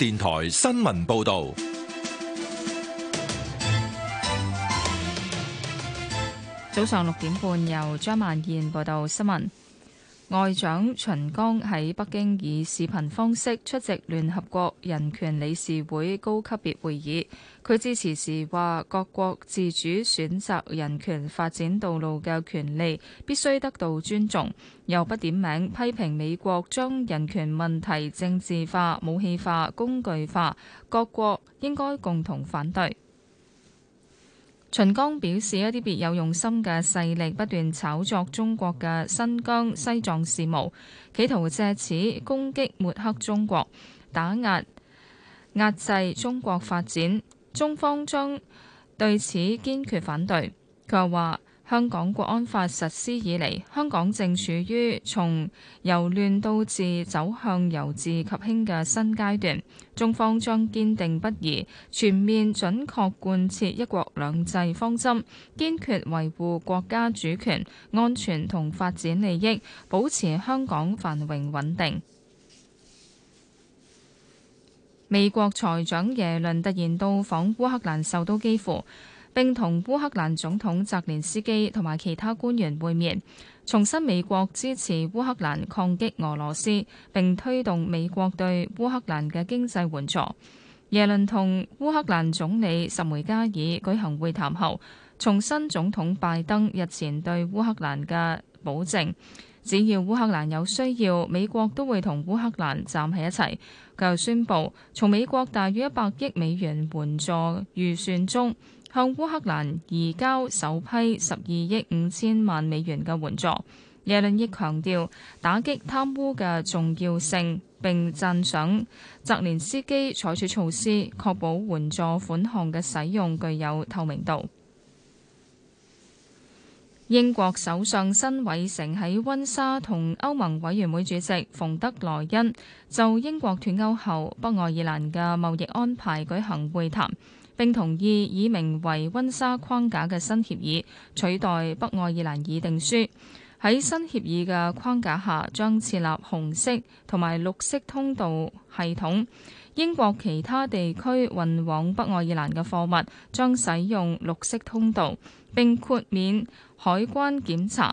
電台新聞報道。早上六點半，由張曼燕報道新聞。外長秦剛喺北京以視頻方式出席聯合國人權理事會高級別會議。佢致辭時話，各國自主選擇人權發展道路嘅權利必須得到尊重，又不點名批評美國將人權問題政治化、武器化、工具化，各國應該共同反對。秦剛表示，一啲別有用心嘅勢力不斷炒作中國嘅新疆、西藏事務，企圖借此攻擊抹黑中國，打壓壓制中國發展。中方將對此堅決反對。佢話。香港國安法實施以嚟，香港正處於從由亂到治走向由治及興嘅新階段。中方將堅定不移全面準確貫徹一國兩制方針，堅決維護國家主權、安全同發展利益，保持香港繁榮穩定。美國財長耶倫突然到訪烏克蘭首都基輔。並同烏克蘭總統澤連斯基同埋其他官員會面，重申美國支持烏克蘭抗擊俄羅斯，並推動美國對烏克蘭嘅經濟援助。耶倫同烏克蘭總理什梅加爾舉行會談後，重申總統拜登日前對烏克蘭嘅保證，只要烏克蘭有需要，美國都會同烏克蘭站喺一齊。佢又宣布，從美國大約一百億美元援助預算中，向烏克蘭移交首批十二億五千萬美元嘅援助。耶倫亦強調打擊貪污嘅重要性，並讚賞澤連斯基採取措施確保援助款項嘅使用具有透明度。英國首相辛偉誠喺溫莎同歐盟委員會主席馮德萊恩就英國脫歐後北愛爾蘭嘅貿易安排舉行會談。並同意以名為溫莎框架嘅新協議取代北愛爾蘭議定書。喺新協議嘅框架下，將設立紅色同埋綠色通道系統。英國其他地區運往北愛爾蘭嘅貨物將使用綠色通道，並豁免海關檢查。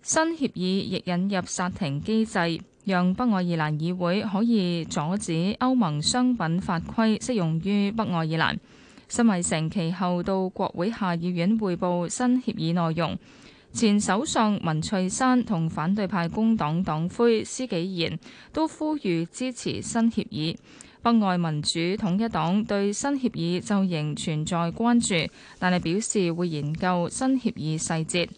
新協議亦引入煞停機制，讓北愛爾蘭議會可以阻止歐盟商品法規適用於北愛爾蘭。新惠成其後到國會下議院匯報新協議內容。前首相文翠山同反對派工黨黨魁司紀賢都呼籲支持新協議。北愛民主統一黨對新協議就仍存在關注，但係表示會研究新協議細節。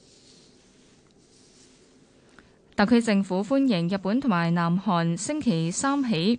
特區政府歡迎日本同埋南韓星期三起。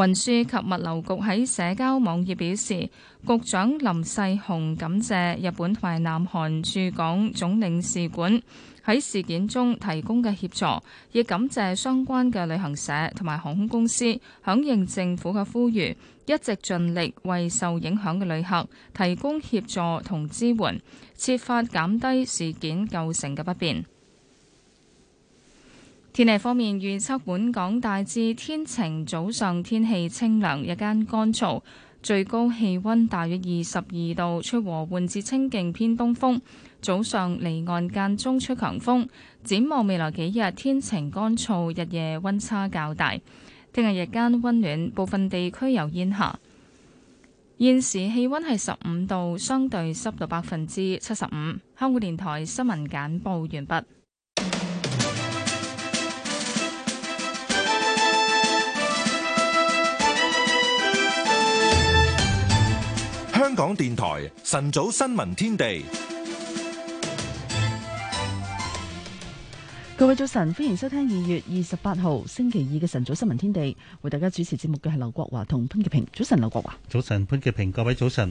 運輸及物流局喺社交網頁表示，局長林世雄感謝日本同埋南韓駐港總領事館喺事件中提供嘅協助，亦感謝相關嘅旅行社同埋航空公司響應政府嘅呼籲，一直盡力為受影響嘅旅客提供協助同支援，設法減低事件構成嘅不便。天氣方面，預測本港大致天晴，早上天氣清涼，日間乾燥，最高氣溫大約二十二度，吹和緩至清勁偏東風。早上離岸間中吹強風。展望未來幾日，天晴乾燥，日夜溫差較大。聽日日間溫暖，部分地區有煙霞。現時氣溫係十五度，相對濕度百分之七十五。香港電台新聞簡報完畢。香港電台晨早新聞天地，各位早晨，歡迎收聽二月二十八號星期二嘅晨早新聞天地。為大家主持節目嘅係劉國華同潘潔平。早晨，劉國華，早晨，潘潔平。各位早晨。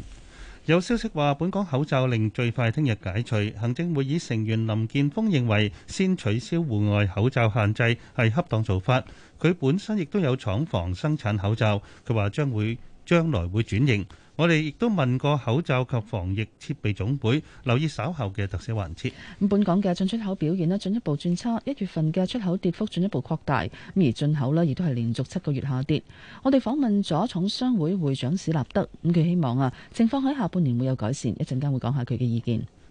有消息話，本港口罩令最快聽日解除。行政會議成員林建峰認為，先取消戶外口罩限制係恰當做法。佢本身亦都有廠房生產口罩，佢話將會將來會轉型。我哋亦都問過口罩及防疫設備總會，留意稍後嘅特色環節。本港嘅進出口表現呢，進一步轉差，一月份嘅出口跌幅進一步擴大，咁而進口呢，亦都係連續七個月下跌。我哋訪問咗廠商會會長史立德，咁佢希望啊，情況喺下半年會有改善，一陣間會講下佢嘅意見。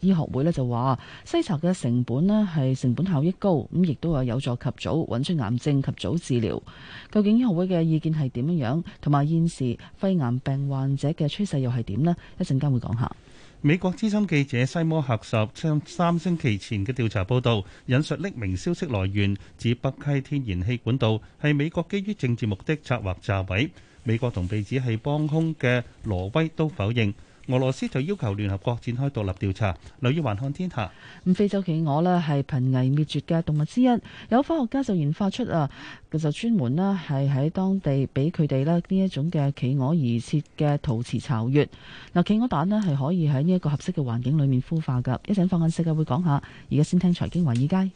醫學會呢就話篩查嘅成本呢係成本效益高，咁亦都有有助及早揾出癌症及早治療。究竟醫學會嘅意見係點樣樣？同埋現時肺癌病患者嘅趨勢又係點呢？一陣間會講下。美國資深記者西摩赫什將三星期前嘅調查報道引述匿名消息來源，指北溪天然氣管道係美國基於政治目的策劃炸毀。美國同被指係幫兇嘅挪威都否認。俄羅斯就要求聯合國展開獨立調查。留意環看天下。咁非洲企鵝咧，係瀕危滅絕嘅動物之一，有科學家就研發出啊，就專門咧，係喺當地俾佢哋咧，呢一種嘅企鵝而設嘅陶瓷巢穴。嗱，企鵝蛋咧，係可以喺呢一個合適嘅環境裏面孵化噶。一陣放眼世界會講下，而家先聽財經華爾街。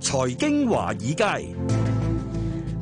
財經華爾街。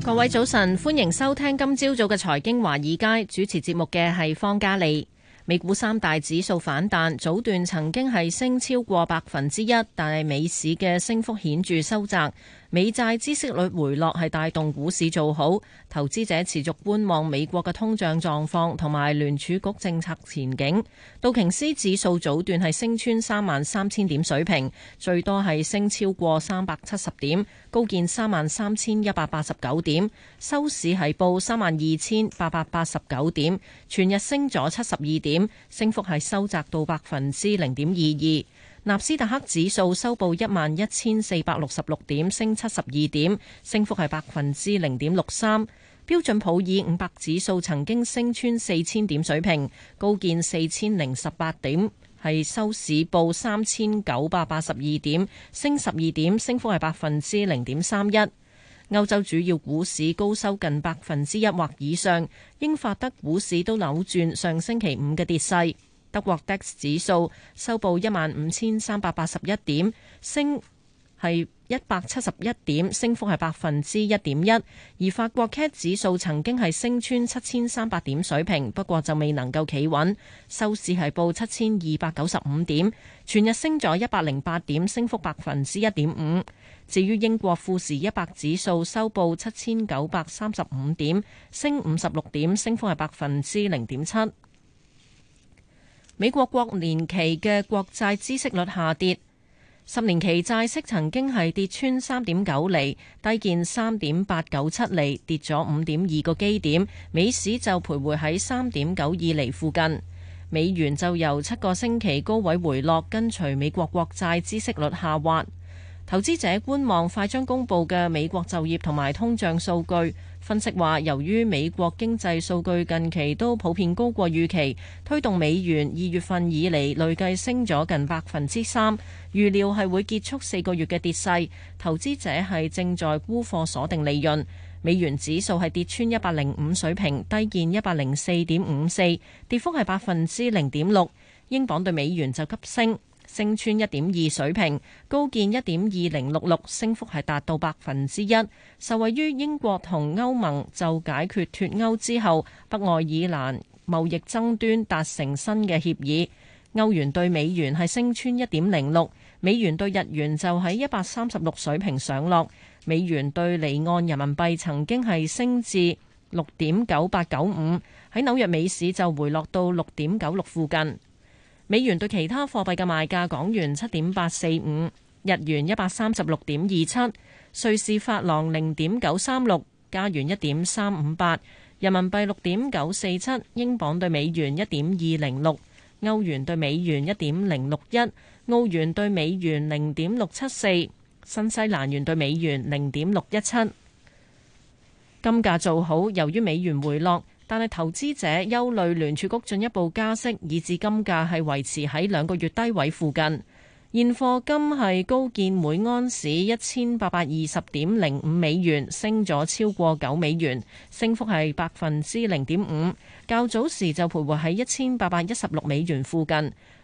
各位早晨，歡迎收聽今朝早嘅財經華爾街，主持節目嘅係方嘉莉。美股三大指數反彈，早段曾經係升超過百分之一，但係美市嘅升幅顯著收窄。美債孳息率回落係帶動股市做好，投資者持續觀望美國嘅通脹狀況同埋聯儲局政策前景。道瓊斯指數早段係升穿三萬三千點水平，最多係升超過三百七十點，高見三萬三千一百八十九點，收市係報三萬二千八百八十九點，全日升咗七十二點，升幅係收窄到百分之零點二二。納斯達克指數收報一萬一千四百六十六點，升七十二點，升幅係百分之零點六三。標準普爾五百指數曾經升穿四千點水平，高見四千零十八點，係收市報三千九百八十二點，升十二點，升幅係百分之零點三一。歐洲主要股市高收近百分之一或以上，英法德股市都扭轉上星期五嘅跌勢。德國 DAX 指數收報一萬五千三百八十一點，升係一百七十一點，升幅係百分之一點一。而法國 CAC 指數曾經係升穿七千三百點水平，不過就未能夠企穩，收市係報七千二百九十五點，全日升咗一百零八點，升幅百分之一點五。至於英國富時一百指數收報七千九百三十五點，升五十六點，升幅係百分之零點七。美國國年期嘅國債孳息率下跌，十年期債息曾經係跌穿三點九厘，低見三點八九七厘，跌咗五點二個基點，美市就徘徊喺三點九二厘附近。美元就由七個星期高位回落，跟隨美國國債孳息率下滑。投資者觀望快將公佈嘅美國就業同埋通脹數據。分析話，由於美國經濟數據近期都普遍高過預期，推動美元二月份以嚟累計升咗近百分之三，預料係會結束四個月嘅跌勢。投資者係正在沽貨鎖定利潤。美元指數係跌穿一百零五水平，低見一百零四點五四，跌幅係百分之零點六。英鎊對美元就急升。升穿一點二水平，高見一點二零六六，升幅係達到百分之一。受惠於英國同歐盟就解決脫歐之後，北愛爾蘭貿易爭端達成新嘅協議，歐元兌美元係升穿一點零六，美元兌日元就喺一百三十六水平上落，美元兌離岸人民幣曾經係升至六點九八九五，喺紐約美市就回落到六點九六附近。美元對其他貨幣嘅賣價：港元七點八四五，日元一百三十六點二七，瑞士法郎零點九三六，加元一點三五八，人民幣六點九四七，英鎊對美元一點二零六，歐元對美元一點零六一，澳元對美元零點六七四，新西蘭元對美元零點六一七。金價做好，由於美元回落。但係，投資者憂慮聯儲局進一步加息，以致金價係維持喺兩個月低位附近。現貨金係高見每安士一千八百二十點零五美元，升咗超過九美元，升幅係百分之零點五。較早時就徘徊喺一千八百一十六美元附近。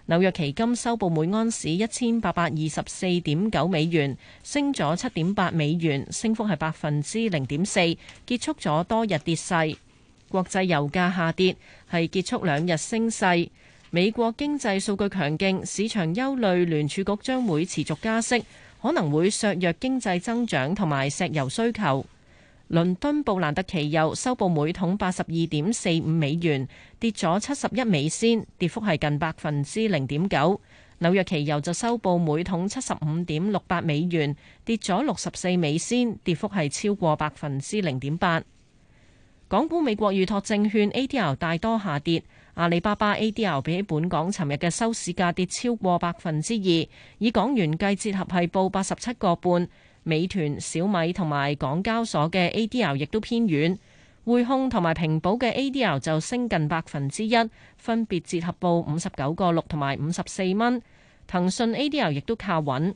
紐約期金收報每安士一千八百二十四點九美元，升咗七點八美元，升幅係百分之零點四，結束咗多日跌勢。國際油價下跌，係結束兩日升勢。美國經濟數據強勁，市場憂慮聯儲局將會持續加息，可能會削弱經濟增長同埋石油需求。倫敦布蘭特期油收報每桶八十二點四五美元，跌咗七十一美仙，跌幅係近百分之零點九。紐約期油就收報每桶七十五點六八美元，跌咗六十四美仙，跌幅係超過百分之零點八。港股美國預託證券 A D L 大多下跌，阿里巴巴 A D L 比起本港尋日嘅收市價跌超過百分之二，以港元計，折合係報八十七個半。美團、小米同埋港交所嘅 A D L 亦都偏軟，匯控同埋平保嘅 A D L 就升近百分之一，分別折合報五十九個六同埋五十四蚊。騰訊 A D L 亦都靠穩。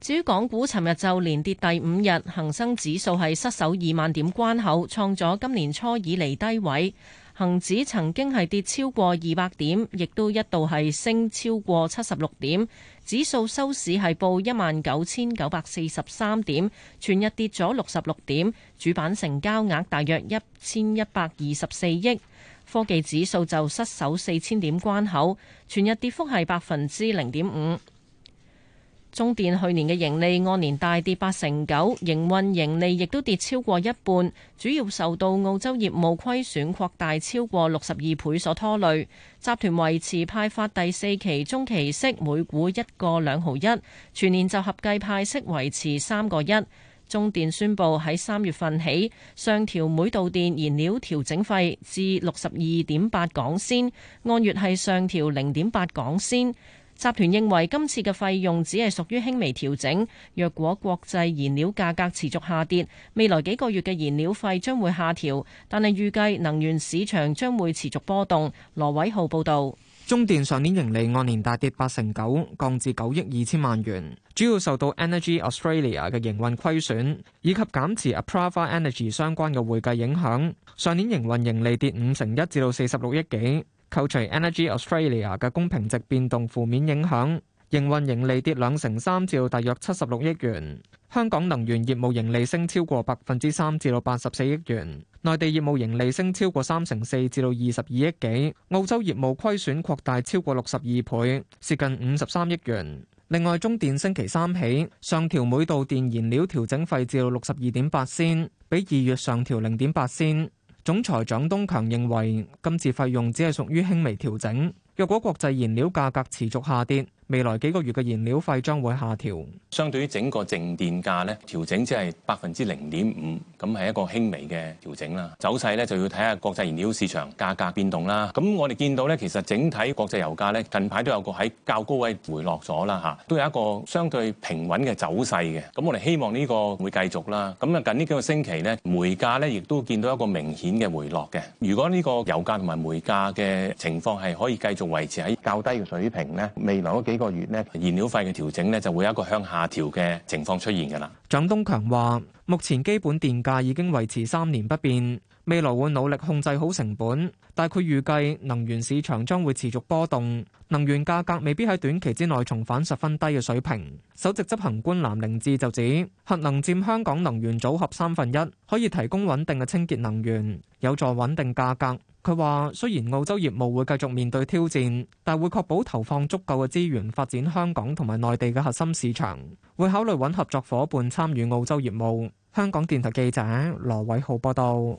至於港股，尋日就連跌第五日，恒生指數係失守二萬點關口，創咗今年初以嚟低位。恒指曾經係跌超過二百點，亦都一度係升超過七十六點。指數收市係報一萬九千九百四十三點，全日跌咗六十六點。主板成交額大約一千一百二十四億。科技指數就失守四千點關口，全日跌幅係百分之零點五。中電去年嘅盈利按年大跌八成九，營運盈利亦都跌超過一半，主要受到澳洲業務虧損擴大超過六十二倍所拖累。集團維持派發第四期中期息每股一個兩毫一，全年就合計派息維持三個一。中電宣布喺三月份起上調每度電燃料調整費至六十二點八港仙，按月係上調零點八港仙。集團認為今次嘅費用只係屬於輕微調整。若果國際燃料價格持續下跌，未來幾個月嘅燃料費將會下調。但係預計能源市場將會持續波動。羅偉浩報導。中電上年盈利按年大跌八成九，降至九億二千萬元，主要受到 Energy Australia 嘅營運虧損以及減持 Apraava Energy 相關嘅會計影響。上年營運盈利跌五成一，至到四十六億幾。扣除 Energy Australia 嘅公平值變動負面影響，營運盈利跌兩成三，至到大約七十六億元。香港能源業務盈利升超過百分之三，至到八十四億元。內地業務盈利升超過三成四，至到二十二億幾。澳洲業務虧損擴大超過六十二倍，接近五十三億元。另外，中電星期三起上調每度電燃料調整費至到六十二點八仙，比二月上調零點八仙。總裁蔣東強認為，今次費用只係屬於輕微調整。若果國際燃料價格持續下跌，未來幾個月嘅燃料費將會下調。相對於整個淨電價咧，調整只係百分之零點五，咁係一個輕微嘅調整啦。走勢咧就要睇下國際燃料市場價格變動啦。咁我哋見到咧，其實整體國際油價咧近排都有個喺較高位回落咗啦，吓、啊，都有一個相對平穩嘅走勢嘅。咁我哋希望呢個會繼續啦。咁啊近呢幾個星期咧，煤價咧亦都見到一個明顯嘅回落嘅。如果呢個油價同埋煤價嘅情況係可以繼續維持喺較低嘅水平咧，未來幾呢個月呢，燃料費嘅調整呢，就會有一個向下調嘅情況出現㗎啦。蔣東強話：目前基本電價已經維持三年不變，未來會努力控制好成本。但佢預計能源市場將會持續波動，能源價格未必喺短期之內重返十分低嘅水平。首席執行官藍凌志就指，核能佔香港能源組合三分一，可以提供穩定嘅清潔能源，有助穩定價格。佢話：雖然澳洲業務會繼續面對挑戰，但會確保投放足夠嘅資源發展香港同埋內地嘅核心市場，會考慮揾合作伙伴參與澳洲業務。香港電台記者羅偉浩報道。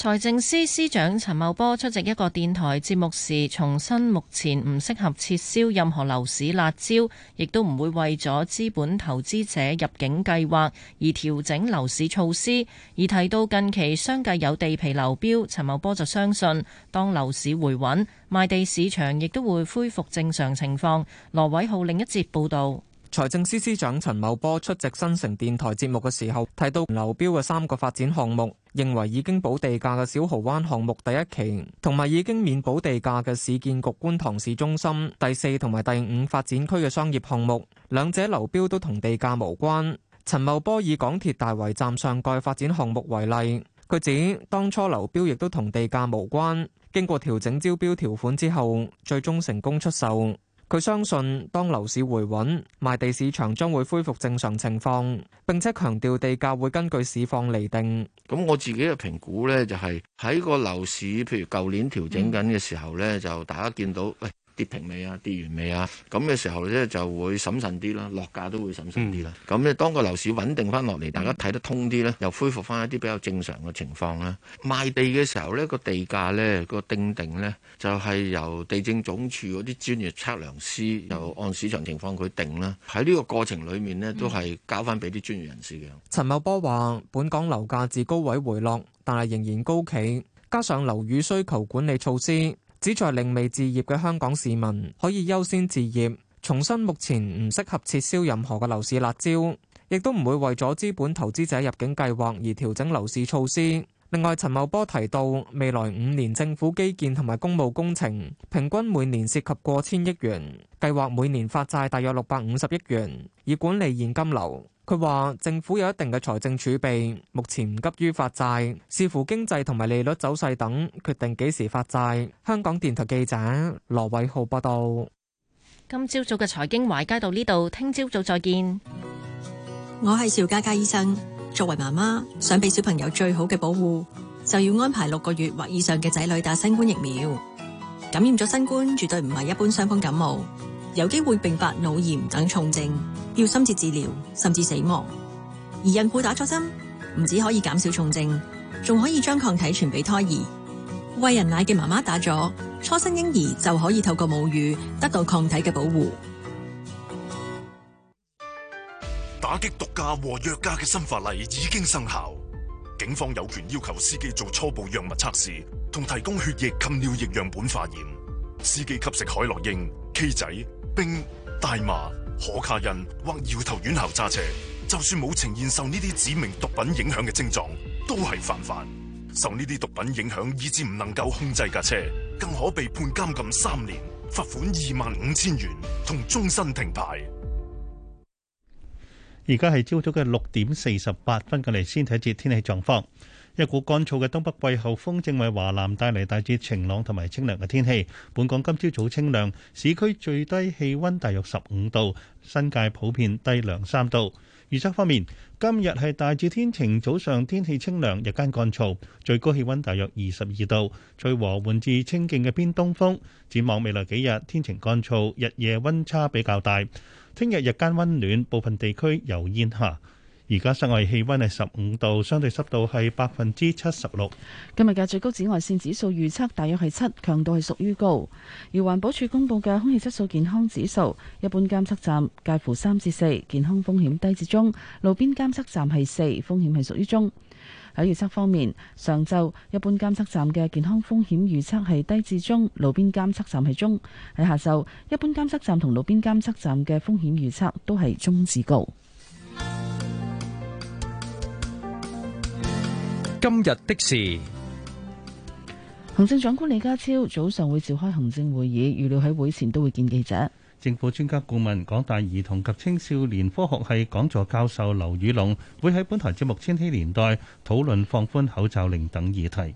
財政司司長陳茂波出席一個電台節目時，重申目前唔適合撤銷任何樓市辣招，亦都唔會為咗資本投資者入境計劃而調整樓市措施。而提到近期相繼有地皮流標，陳茂波就相信當樓市回穩，賣地市場亦都會恢復正常情況。羅偉浩另一節報道。財政司司長陳茂波出席新城電台節目嘅時候，提到流標嘅三個發展項目，認為已經補地價嘅小濠灣項目第一期，同埋已經免補地價嘅市建局觀塘市中心第四同埋第五發展區嘅商業項目，兩者流標都同地價無關。陳茂波以港鐵大圍站上蓋發展項目為例，佢指當初流標亦都同地價無關，經過調整招標條款之後，最終成功出售。佢相信，當樓市回穩，賣地市場將會恢復正常情況。並且強調地價會根據市況嚟定。咁我自己嘅評估呢，就係喺個樓市，譬如舊年調整緊嘅時候呢，就大家見到，喂，跌平未啊？跌完未啊？咁嘅時候咧，就會審慎啲啦，落價都會審慎啲啦。咁咧、嗯，當個樓市穩定翻落嚟，大家睇得通啲咧，又恢復翻一啲比較正常嘅情況啦。賣地嘅時候咧，個地價咧，個定定咧，就係由地政總署嗰啲專業測量師，又按市場情況佢定啦。喺呢個過程裏面咧，都係交翻俾啲專業人士嘅。陳、嗯、茂波話，本港樓價自高位回落，但係仍然高企，加上樓宇需求，求管理措施。旨在令未置業嘅香港市民可以優先置業，重申目前唔適合撤銷任何嘅樓市辣招，亦都唔會為咗資本投資者入境計劃而調整樓市措施。另外，陳茂波提到未來五年政府基建同埋公務工程平均每年涉及過千億元，計劃每年發債大約六百五十億元，以管理現金流。佢話政府有一定嘅財政儲備，目前唔急於發債，視乎經濟同埋利率走勢等，決定幾時發債。香港電台記者羅偉浩報道。今朝早嘅財經懷街到呢度，聽朝早早再見。我係邵家佳醫生，作為媽媽，想俾小朋友最好嘅保護，就要安排六個月或以上嘅仔女打新冠疫苗。感染咗新冠，絕對唔係一般傷風感冒。有機會併發腦炎等重症，要深切治療甚至死亡。而孕婦打咗針唔止可以減少重症，仲可以將抗體傳俾胎兒。喂人奶嘅媽媽打咗，初生嬰兒就可以透過母乳得到抗體嘅保護。打擊毒駕和藥駕嘅新法例已經生效，警方有權要求司機做初步藥物測試，同提供血液、及尿液樣本化驗。司機吸食海洛因，K 仔、冰、大麻、可卡因或搖頭丸後，揸車，就算冇呈現受呢啲指明毒品影響嘅症狀，都係犯法。受呢啲毒品影響，以致唔能夠控制架車，更可被判監禁三年，罰款二萬五千元同終身停牌。而家係朝早嘅六點四十八分，過嚟先睇一節天氣狀況。一股乾燥嘅東北季候風正為華南帶嚟大致晴朗同埋清涼嘅天氣。本港今朝早清涼，市區最低氣温大約十五度，新界普遍低涼三度。預測方面，今日係大致天晴，早上天氣清涼，日間乾燥，最高氣温大約二十二度，吹和緩至清勁嘅偏東風。展望未來幾日天晴乾燥，日夜温差比較大。聽日日間温暖，部分地區有煙霞。而家室外氣温係十五度，相對濕度係百分之七十六。今日嘅最高紫外線指數預測大約係七，強度係屬於高。而環保署公布嘅空氣質素健康指數，一般監測站介乎三至四，健康風險低至中；路邊監測站係四，風險係屬於中。喺預測方面，上晝一般監測站嘅健康風險預測係低至中，路邊監測站係中。喺下晝，一般監測站同路邊監測站嘅風險預測都係中至高。今日的事，行政長官李家超早上會召開行政會議，預料喺會前都會見記者。政府專家顧問、港大兒童及青少年科學系講座教授劉宇龍會喺本台節目《千禧年代》討論放寬口罩令等議題。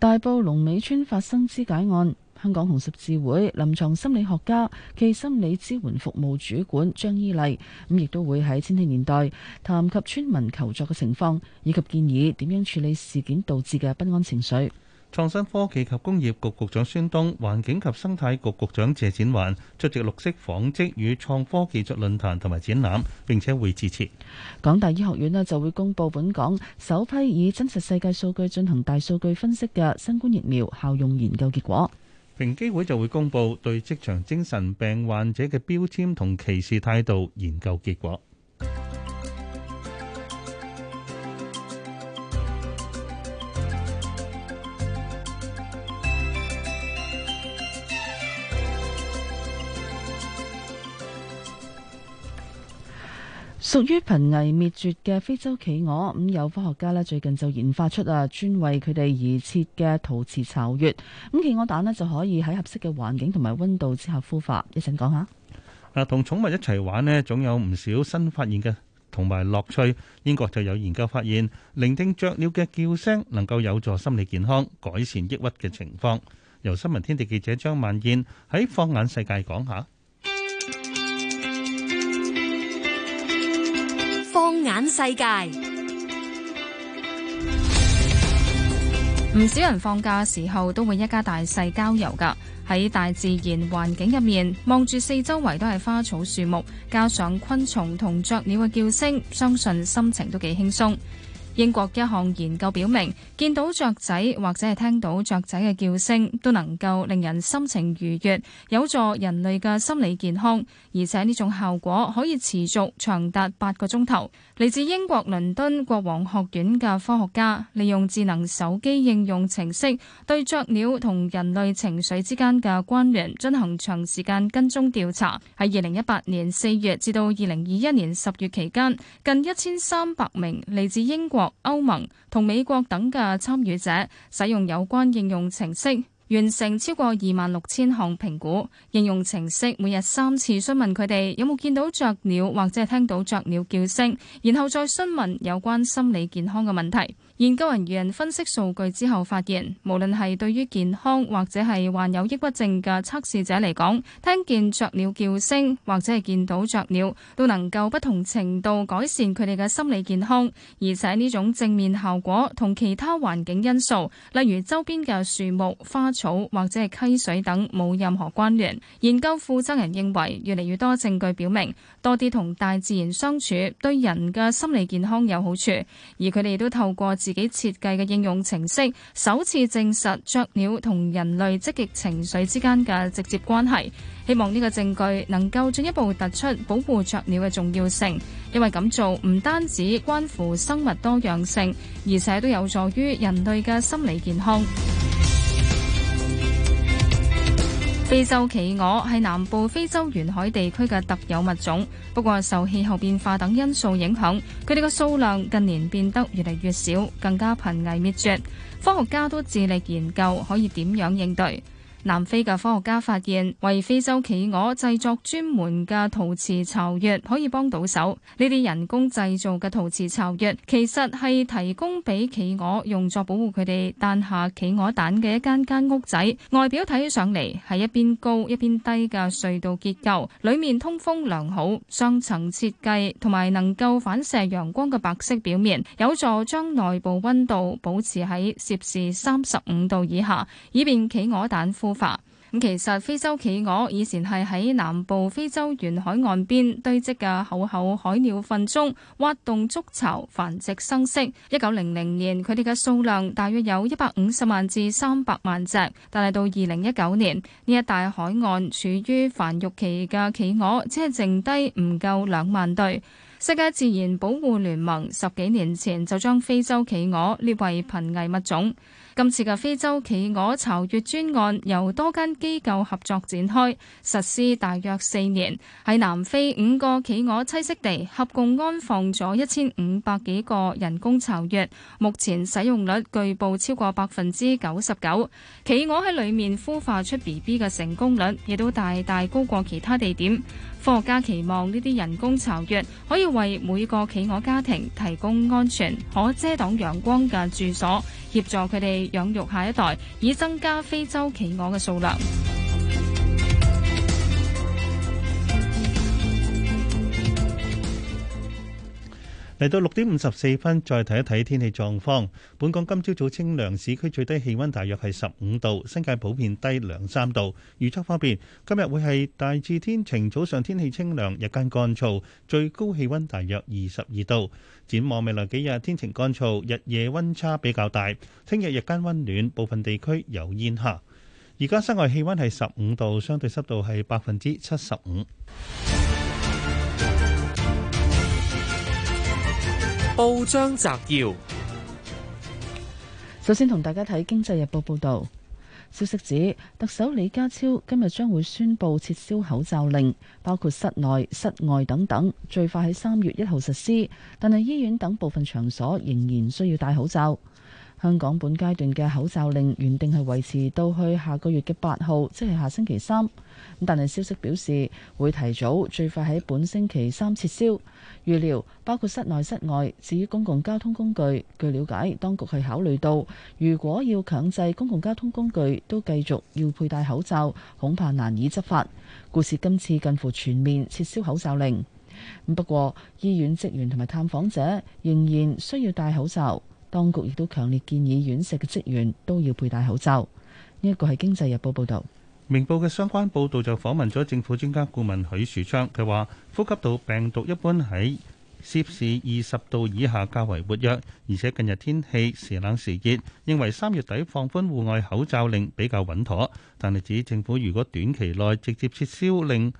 大埔龍尾村發生肢解案。香港紅十字會臨床心理學家、暨心理支援服務主管張伊麗，咁亦都會喺千禧年代談及村民求助嘅情況以及建議點樣處理事件導致嘅不安情緒。創新科技及工業局局，局長孫東、環境及生態局局長謝展環出席綠色紡織與創科技術論壇同埋展覽，並且會致辭。港大醫學院咧就會公布本港首批以真實世界數據進行大數據分析嘅新冠疫苗效用研究結果。平機會就會公佈對職場精神病患者嘅標籤同歧視態度研究結果。屬於瀕危滅絕嘅非洲企鵝，咁有科學家咧最近就研發出啊專為佢哋而設嘅陶瓷巢穴，咁企鵝蛋咧就可以喺合適嘅環境同埋溫度之下孵化。一陣講下，同寵物一齊玩咧，總有唔少新發現嘅同埋樂趣。英國就有研究發現，聆聽雀鳥嘅叫聲能夠有助心理健康，改善抑鬱嘅情況。由新聞天地記者張萬燕喺放眼世界講下。眼世界，唔少人放假嘅時候都會一家大細郊遊㗎。喺大自然環境入面，望住四周圍都係花草樹木，加上昆蟲同雀鳥嘅叫聲，相信心情都幾輕鬆。英國一項研究表明，見到雀仔或者係聽到雀仔嘅叫聲，都能夠令人心情愉悅，有助人類嘅心理健康。而且呢種效果可以持續長達八個鐘頭。嚟自英國倫敦國王學院嘅科學家，利用智能手機應用程式，對雀鳥同人類情緒之間嘅關聯進行長時間跟蹤調查。喺二零一八年四月至到二零二一年十月期間，近一千三百名嚟自英國、歐盟同美國等嘅參與者使用有關應用程式。完成超過二萬六千項評估，應用程式每日三次詢問佢哋有冇見到雀鳥或者係聽到雀鳥叫聲，然後再詢問有關心理健康嘅問題。研究人員分析數據之後發現，無論係對於健康或者係患有抑鬱症嘅測試者嚟講，聽見雀鳥叫聲或者係見到雀鳥，都能夠不同程度改善佢哋嘅心理健康。而且呢種正面效果同其他環境因素，例如周邊嘅樹木、花草或者係溪水等，冇任何關聯。研究負責人認為，越嚟越多證據表明，多啲同大自然相處對人嘅心理健康有好處，而佢哋亦都透過自己設計嘅應用程式，首次證實雀鳥同人類積極情緒之間嘅直接關係。希望呢個證據能夠進一步突出保護雀鳥嘅重要性，因為咁做唔單止關乎生物多樣性，而且都有助於人類嘅心理健康。非洲企鵝係南部非洲沿海地區嘅特有物種，不過受氣候變化等因素影響，佢哋嘅數量近年變得越嚟越少，更加瀕危滅絕。科學家都致力研究可以點樣應對。南非嘅科學家發現，為非洲企鵝製作專門嘅陶瓷巢穴可以幫到手。呢啲人工製造嘅陶瓷巢穴，其實係提供俾企鵝用作保護佢哋誕下企鵝蛋嘅一間間屋仔。外表睇起上嚟係一邊高一邊低嘅隧道結構，裡面通風良好，雙層設計同埋能夠反射陽光嘅白色表面，有助將內部温度保持喺攝氏三十五度以下，以便企鵝蛋咁其實非洲企鵝以前係喺南部非洲沿海岸邊堆積嘅厚厚海鳥糞中挖洞築巢繁殖生息。一九零零年，佢哋嘅數量大約有一百五十萬至三百萬隻，但係到二零一九年，呢一帶海岸處於繁育期嘅企鵝只係剩低唔夠兩萬對。世界自然保護聯盟十幾年前就將非洲企鵝列為瀕危物種。今次嘅非洲企鵝巢穴專案由多間機構合作展開，實施大約四年，喺南非五個企鵝棲息地合共安放咗一千五百幾個人工巢穴，目前使用率據報超過百分之九十九，企鵝喺裏面孵化出 BB 嘅成功率亦都大大高過其他地點。科學家期望呢啲人工巢穴可以為每個企鵝家庭提供安全、可遮擋陽光嘅住所，協助佢哋養育下一代，以增加非洲企鵝嘅數量。嚟到六點五十四分，再睇一睇天氣狀況。本港今朝早清涼，市區最低氣温大約係十五度，新界普遍低兩三度。預測方面，今日會係大致天晴，早上天氣清涼，日間乾燥，最高氣温大約二十二度。展望未來幾日，天晴乾燥，日夜温差比較大。聽日日間温暖，部分地區有煙霞。而家室外氣温係十五度，相對濕度係百分之七十五。報章摘要，首先同大家睇《經濟日報》報道，消息指特首李家超今日將會宣佈撤銷口罩令，包括室內、室外等等，最快喺三月一號實施，但係醫院等部分場所仍然需要戴口罩。香港本階段嘅口罩令原定係維持到去下個月嘅八號，即係下星期三。但係消息表示會提早，最快喺本星期三撤銷，預料包括室內室外。至於公共交通工具，據了解，當局係考慮到如果要強制公共交通工具都繼續要佩戴口罩，恐怕難以執法。故此今次近乎全面撤銷口罩令。不過醫院職員同埋探訪者仍然需要戴口罩。當局亦都強烈建議院舍嘅職員都要佩戴口罩。呢一個係《經濟日報》報導，《明報》嘅相關報導就訪問咗政府專家顧問許樹昌，佢話呼吸道病毒一般喺攝氏二十度以下較為活躍，而且近日天氣時冷時熱，認為三月底放寬戶外口罩令比較穩妥。但係指政府如果短期內直接撤銷令，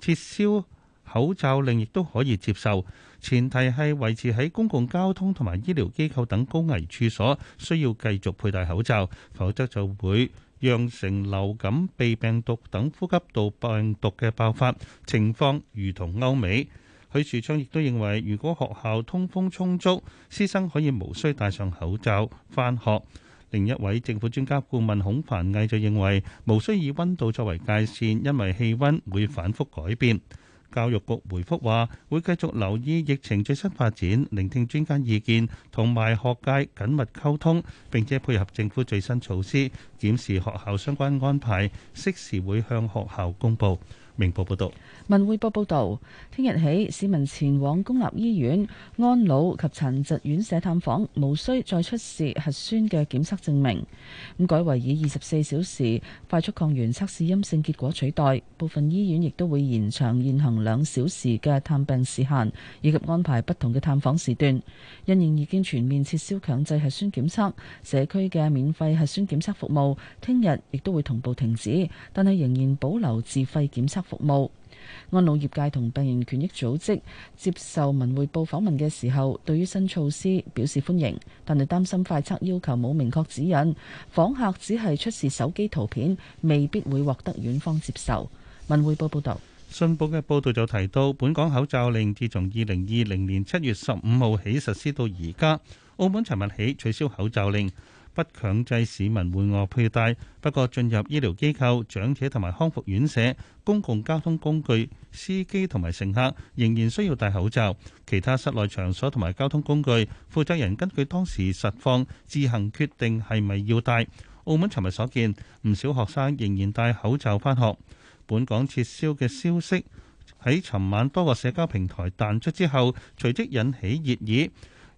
撤銷口罩令亦都可以接受。前提係維持喺公共交通同埋醫療機構等高危處所需要繼續佩戴口罩，否則就會釀成流感、鼻病毒等呼吸道病毒嘅爆發情況，如同歐美。許樹昌亦都認為，如果學校通風充足，師生可以無需戴上口罩返學。另一位政府專家顧問孔繁毅就認為，無需以溫度作為界線，因為氣溫會反覆改變。教育局回覆話，會繼續留意疫情最新發展，聆聽專家意見，同埋學界緊密溝通，並且配合政府最新措施，檢視學校相關安排，適時會向學校公佈。明報報導。文匯報報道，聽日起，市民前往公立醫院、安老及殘疾院舍探訪，無需再出示核酸嘅檢測證明，咁改為以二十四小時快速抗原測試陰性結果取代。部分醫院亦都會延長現行兩小時嘅探病時限，以及安排不同嘅探訪時段。因應已經全面撤銷強制核酸檢測，社區嘅免費核酸檢測服務聽日亦都會同步停止，但係仍然保留自費檢測服務。安老業界同病人權益組織接受《文匯報》訪問嘅時候，對於新措施表示歡迎，但係擔心快測要求冇明確指引，訪客只係出示手機圖片，未必會獲得院方接受。《文匯報》報道，《信報》嘅報導就提到，本港口罩令自從二零二零年七月十五號起實施到而家，澳門尋日起取消口罩令。不強制市民換卧佩戴，不過進入醫療機構、長者同埋康復院舍、公共交通工具、司機同埋乘客仍然需要戴口罩。其他室內場所同埋交通工具，負責人根據當時實況自行決定係咪要戴。澳門尋日所見，唔少學生仍然戴口罩返學。本港撤銷嘅消息喺尋晚多個社交平台彈出之後，隨即引起熱議。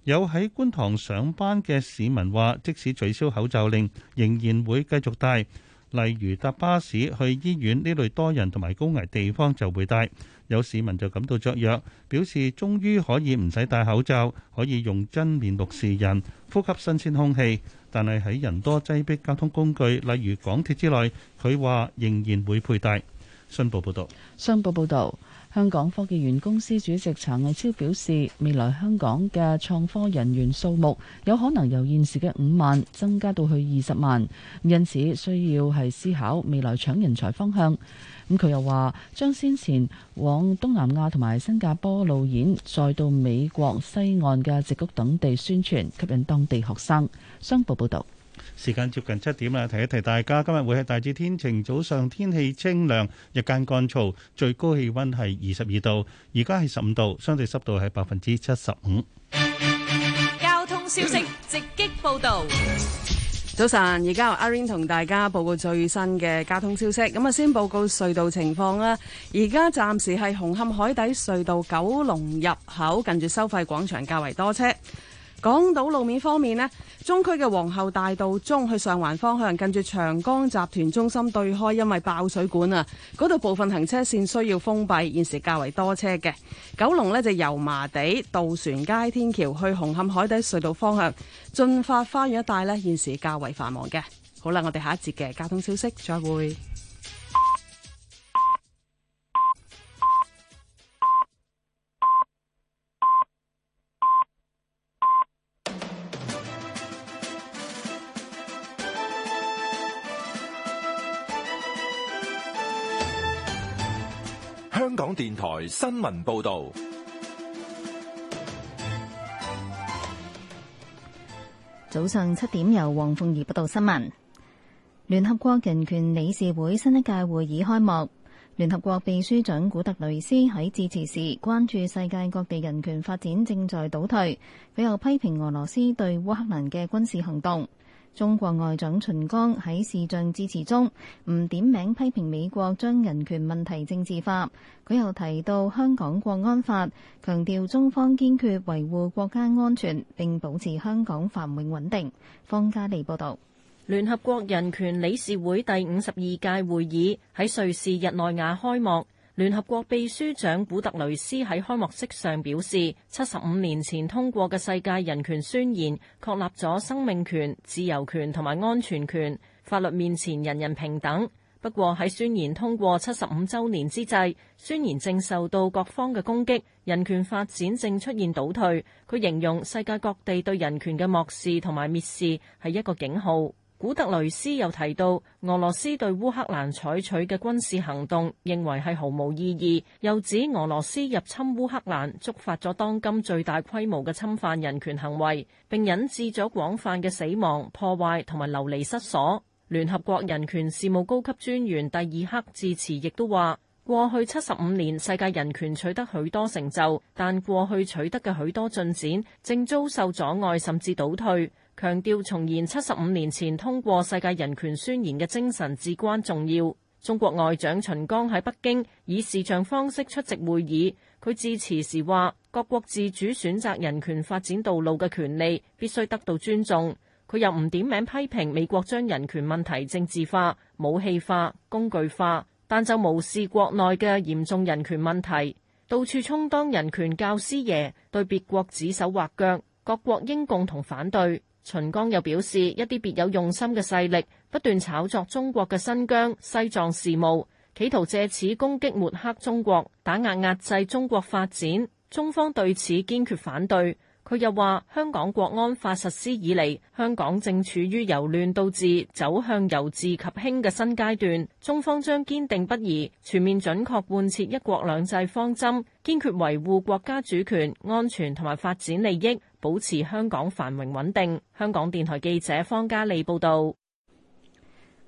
有喺觀塘上班嘅市民話：即使取消口罩令，仍然會繼續戴。例如搭巴士去醫院呢類多人同埋高危地方就會戴。有市民就感到雀躍，表示終於可以唔使戴口罩，可以用真面目示人，呼吸新鮮空氣。但係喺人多擠迫交通工具，例如港鐵之內，佢話仍然會佩戴。信報報道。信報報道。香港科技園公司主席查毅超表示，未來香港嘅創科人員數目有可能由現時嘅五萬增加到去二十萬，因此需要係思考未來搶人才方向。咁、嗯、佢又話，將先前往東南亞同埋新加坡路演，再到美國西岸嘅矽谷等地宣傳，吸引當地學生。商報報道。時間接近七點啦，提一提大家，今日會係大致天晴，早上天氣清涼，日間乾燥，最高氣温係二十二度，而家係十五度，相對濕度係百分之七十五。交通消息直擊報道，早晨，而家由阿 Ling 同大家報告最新嘅交通消息。咁啊，先報告隧道情況啦。而家暫時係紅磡海底隧道九龍入口近住收費廣場較為多車。港島路面方面咧，中區嘅皇后大道中去上環方向，近住長江集團中心對開，因為爆水管啊，嗰度部分行車線需要封閉，現時較為多車嘅。九龍呢就油麻地渡船街天橋去紅磡海底隧道方向，駿發花園一帶呢現時較為繁忙嘅。好啦，我哋下一節嘅交通消息再會。香港電台新聞報道，早上七點由黃鳳儀報道新聞。聯合國人權理事會新一屆會議開幕，聯合國秘書長古特雷斯喺致辭時關注世界各地人權發展正在倒退，佢又批評俄羅斯對烏克蘭嘅軍事行動。中國外長秦剛喺視像致辭中，唔點名批評美國將人權問題政治化。佢又提到香港國安法，強調中方堅決維護國家安全，並保持香港繁榮穩定。方家利報道。聯合國人權理事會第五十二屆會議喺瑞士日內瓦開幕。聯合國秘書長古特雷斯喺開幕式上表示，七十五年前通過嘅《世界人權宣言》確立咗生命權、自由權同埋安全權，法律面前人人平等。不過喺宣言通過七十五週年之際，宣言正受到各方嘅攻擊，人權發展正出現倒退。佢形容世界各地對人權嘅漠視同埋蔑視係一個警號。古特雷斯又提到，俄羅斯對烏克蘭採取嘅軍事行動認為係毫無意義，又指俄羅斯入侵烏克蘭觸發咗當今最大規模嘅侵犯人權行為，並引致咗廣泛嘅死亡、破壞同埋流離失所。聯合國人權事務高級專員蒂爾克致辭亦都話過去七十五年世界人權取得許多成就，但過去取得嘅許多進展正遭受阻礙甚至倒退。強調重現七十五年前通過世界人權宣言嘅精神至關重要。中國外長秦剛喺北京以視像方式出席會議，佢致辭時話：各國自主選擇人權發展道路嘅權利必須得到尊重。佢又唔點名批評美國將人權問題政治化、武器化、工具化，但就無視國內嘅嚴重人權問題，到處充當人權教師爺，對別國指手畫腳。各國應共同反對。秦剛又表示，一啲別有用心嘅勢力不斷炒作中國嘅新疆、西藏事務，企圖借此攻擊抹黑中國打壓壓制中國發展，中方對此堅決反對。佢又話：香港國安法實施以嚟，香港正處於由亂到治、走向由治及興嘅新階段。中方將堅定不移、全面準確貫徹一國兩制方針，堅決維護國家主權、安全同埋發展利益，保持香港繁榮穩定。香港電台記者方嘉莉報導。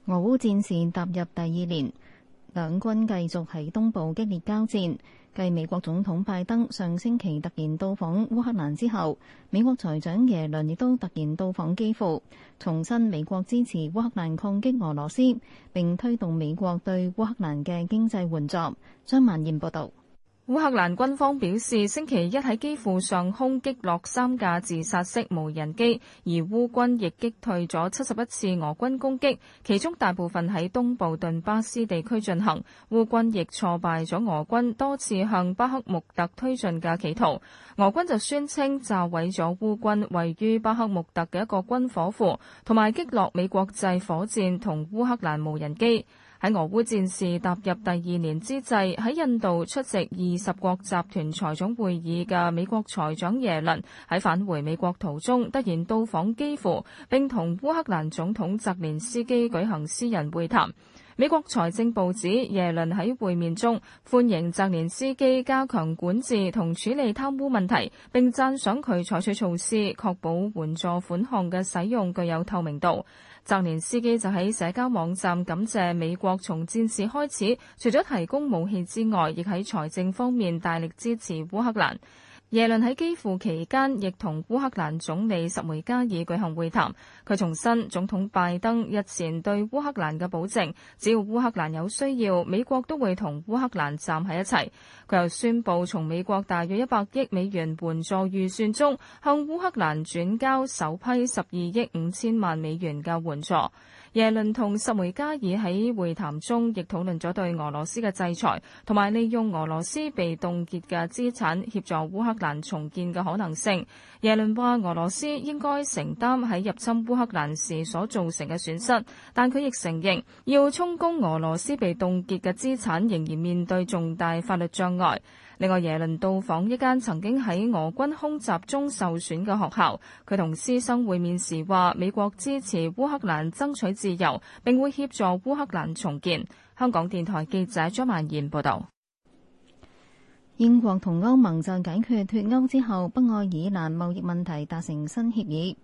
俄烏戰線踏入第二年，兩軍繼續喺東部激烈交戰。繼美國總統拜登上星期突然到訪烏克蘭之後，美國財長耶倫亦都突然到訪基輔，重申美國支持烏克蘭抗擊俄羅斯，並推動美國對烏克蘭嘅經濟援助。張萬燕報道。烏克蘭軍方表示，星期一喺基輔上空擊落三架自殺式無人機，而烏軍亦擊退咗七十一次俄軍攻擊，其中大部分喺東部頓巴斯地區進行。烏軍亦挫敗咗俄軍多次向巴克穆特推進嘅企圖。俄軍就宣稱炸毀咗烏軍位於巴克穆特嘅一個軍火庫，同埋擊落美國製火箭同烏克蘭無人機。喺俄烏戰事踏入第二年之際，喺印度出席二十國集團財長會議嘅美國財長耶倫喺返回美國途中，突然到訪基輔並同烏克蘭總統澤連斯基舉行私人會談。美國財政部指耶倫喺會面中歡迎澤連斯基加強管治同處理貪污問題，並讚賞佢採取措施確保援助款項嘅使用具有透明度。澤連斯基就喺社交網站感謝美國從戰事開始，除咗提供武器之外，亦喺財政方面大力支持烏克蘭。耶倫喺基輔期間，亦同烏克蘭總理什梅加爾舉行會談。佢重申總統拜登日前對烏克蘭嘅保證，只要烏克蘭有需要，美國都會同烏克蘭站喺一齊。佢又宣布從美國大約一百億美元援助預算中，向烏克蘭轉交首批十二億五千萬美元嘅援助。耶倫同什梅加爾喺會談中亦討論咗對俄羅斯嘅制裁，同埋利用俄羅斯被凍結嘅資產協助烏克蘭重建嘅可能性。耶倫話俄羅斯應該承擔喺入侵烏克蘭時所造成嘅損失，但佢亦承認要充公俄羅斯被凍結嘅資產仍然面對重大法律障礙。另外，耶倫到訪一間曾經喺俄軍空襲中受損嘅學校，佢同師生會面時話：美國支持烏克蘭爭取自由，並會協助烏克蘭重建。香港電台記者張曼燕報導。英國同歐盟就解決脱歐之後，北愛爾蘭貿易問題達成新協議，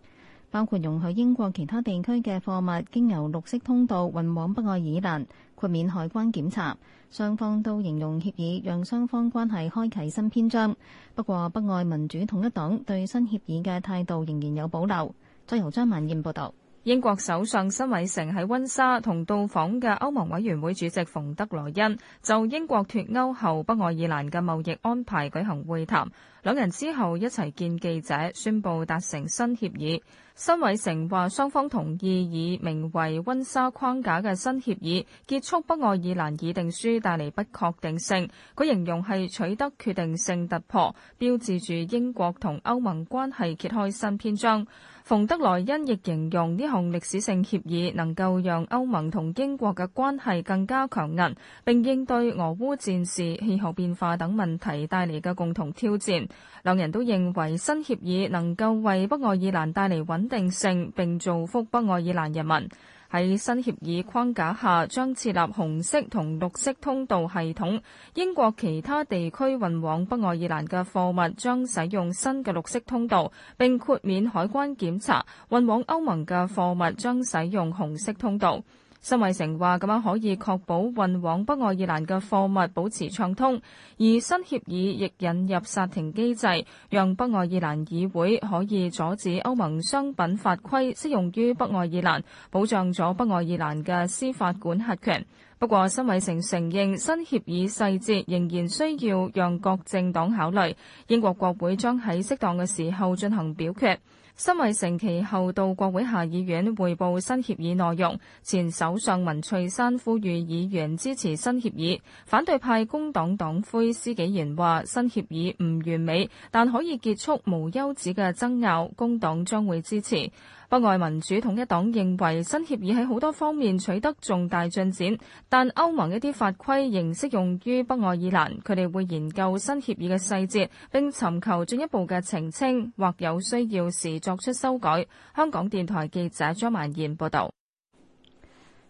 包括容許英國其他地區嘅貨物經由綠色通道運往北愛爾蘭，豁免海關檢查。雙方都形容協議讓雙方關係開啟新篇章。不過，北愛民主統一黨對新協議嘅態度仍然有保留。再由張曼燕報道。英國首相辛偉誠喺溫莎同到訪嘅歐盟委員會主席馮德萊恩就英國脫歐後北愛爾蘭嘅貿易安排舉行會談。兩人之後一齊見記者，宣佈達成新協議。辛偉成話雙方同意以名為溫莎框架嘅新協議結束北愛爾蘭議定書帶嚟不確定性，佢形容係取得決定性突破，標誌住英國同歐盟關係揭開新篇章。馮德萊恩亦形容呢項歷史性協議能夠讓歐盟同英國嘅關係更加強韌，並應對俄烏戰事、氣候變化等問題帶嚟嘅共同挑戰。兩人都認為新協議能夠為北愛爾蘭帶嚟穩定性，並造福北愛爾蘭人民。喺新協議框架下，將設立紅色同綠色通道系統。英國其他地區運往北愛爾蘭嘅貨物將使用新嘅綠色通道，並豁免海關檢查；運往歐盟嘅貨物將使用紅色通道。辛偉誠話咁樣可以確保運往北愛爾蘭嘅貨物保持暢通，而新協議亦引入煞停機制，讓北愛爾蘭議會可以阻止歐盟商品法規適用於北愛爾蘭，保障咗北愛爾蘭嘅司法管轄權。不過，辛偉誠承認新協議細節仍然需要讓各政黨考慮，英國國會將喺適當嘅時候進行表決。辛偉誠其後到國會下議院匯報新協議內容，前首相文翠珊呼籲議員支持新協議。反對派工黨黨魁施紀賢話：新協議唔完美，但可以結束無休止嘅爭拗，工黨將會支持。北愛民主統一黨認為新協議喺好多方面取得重大進展，但歐盟一啲法規仍適用於北愛爾蘭，佢哋會研究新協議嘅細節，並尋求進一步嘅澄清，或有需要時作出修改。香港電台記者張曼燕報道。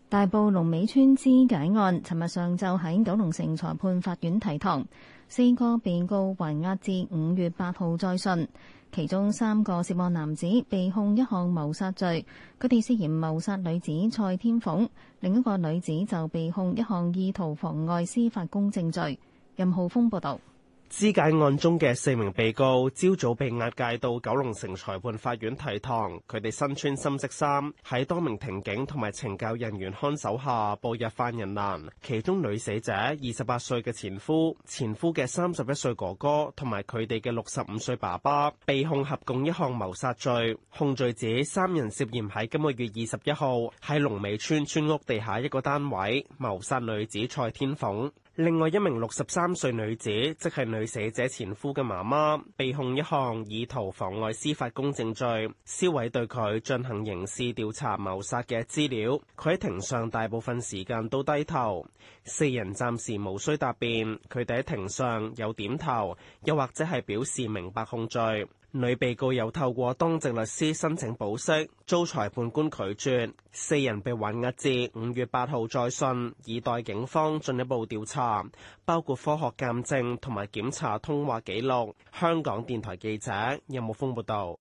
大埔龍尾村肢解案，尋日上晝喺九龍城裁判法院提堂，四個被告還押至五月八號再訊。其中三個涉案男子被控一項謀殺罪，佢哋涉嫌謀殺女子蔡天鳳；另一個女子就被控一項意圖妨礙司法公正罪。任浩峰報導。肢解案中嘅四名被告，朝早被押解到九龍城裁判法院提堂。佢哋身穿深色衫，喺多名庭警同埋懲教人員看守下步入犯人欄。其中女死者二十八歲嘅前夫、前夫嘅三十一歲哥哥同埋佢哋嘅六十五歲爸爸，被控合共一項謀殺罪。控罪指三人涉嫌喺今個月二十一號喺龍尾村村屋地下一個單位謀殺女子蔡天鳳。另外一名六十三歲女子，即係女死者前夫嘅媽媽，被控一項意圖妨礙司法公正罪，銷毀對佢進行刑事調查謀殺嘅資料，佢喺庭上大部分時間都低頭。四人暫時無需答辯，佢哋喺庭上有點頭，又或者係表示明白控罪。女被告又透過當值律師申請保釋，遭裁判官拒絕。四人被還押至五月八號再訊，以待警方進一步調查，包括科學鑑證同埋檢查通話記錄。香港電台記者任慕峰報道。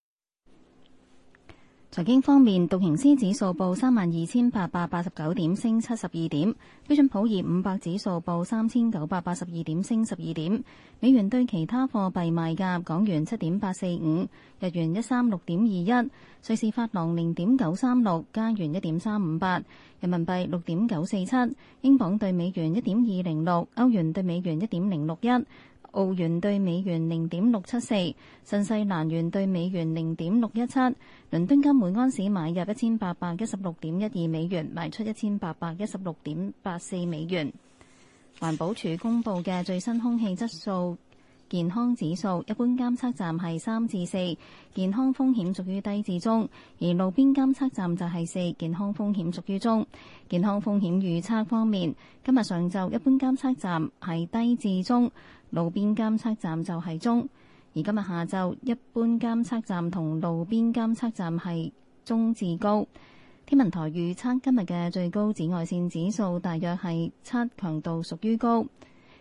財經方面，道瓊斯指數報三萬二千八百八十九點，升七十二點；標準普爾五百指數報三千九百八十二點，升十二點。美元對其他貨幣賣價：港元七點八四五，日元一三六點二一，瑞士法郎零點九三六，加元一點三五八，人民幣六點九四七，英鎊對美元一點二零六，歐元對美元一點零六一。澳元兌美元零點六七四，新西蘭元兌美元零點六一七。倫敦金每安士買入一千八百一十六點一二美元，賣出一千八百一十六點八四美元。環保署公布嘅最新空氣質素健康指數，一般監測站係三至四，健康風險屬於低至中；而路邊監測站就係四，健康風險屬於中。健康風險預測方面，今日上晝一般監測站係低至中。路邊監測站就係中，而今日下晝一般監測站同路邊監測站係中至高。天文台預測今日嘅最高紫外線指數大約係七，強度屬於高。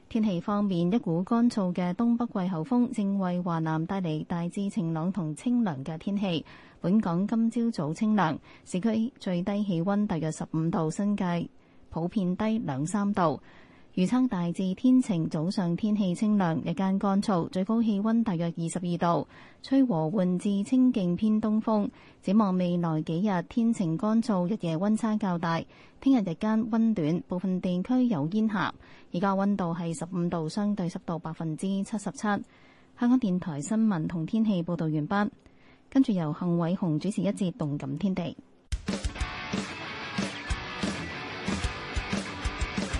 天氣方面，一股乾燥嘅東北季候風正為華南帶嚟大致晴朗同清涼嘅天氣。本港今朝早清涼，市區最低氣溫大約十五度，新界普遍低兩三度。預測大致天晴，早上天氣清涼，日間乾燥，最高氣溫大約二十二度，吹和緩至清勁偏東風。展望未來幾日天晴乾燥，日夜溫差較大。聽日日間溫暖，部分地區有煙霞。而家溫度係十五度，相對濕度百分之七十七。香港電台新聞同天氣報道完畢，跟住由幸偉雄主持一節《動感天地》。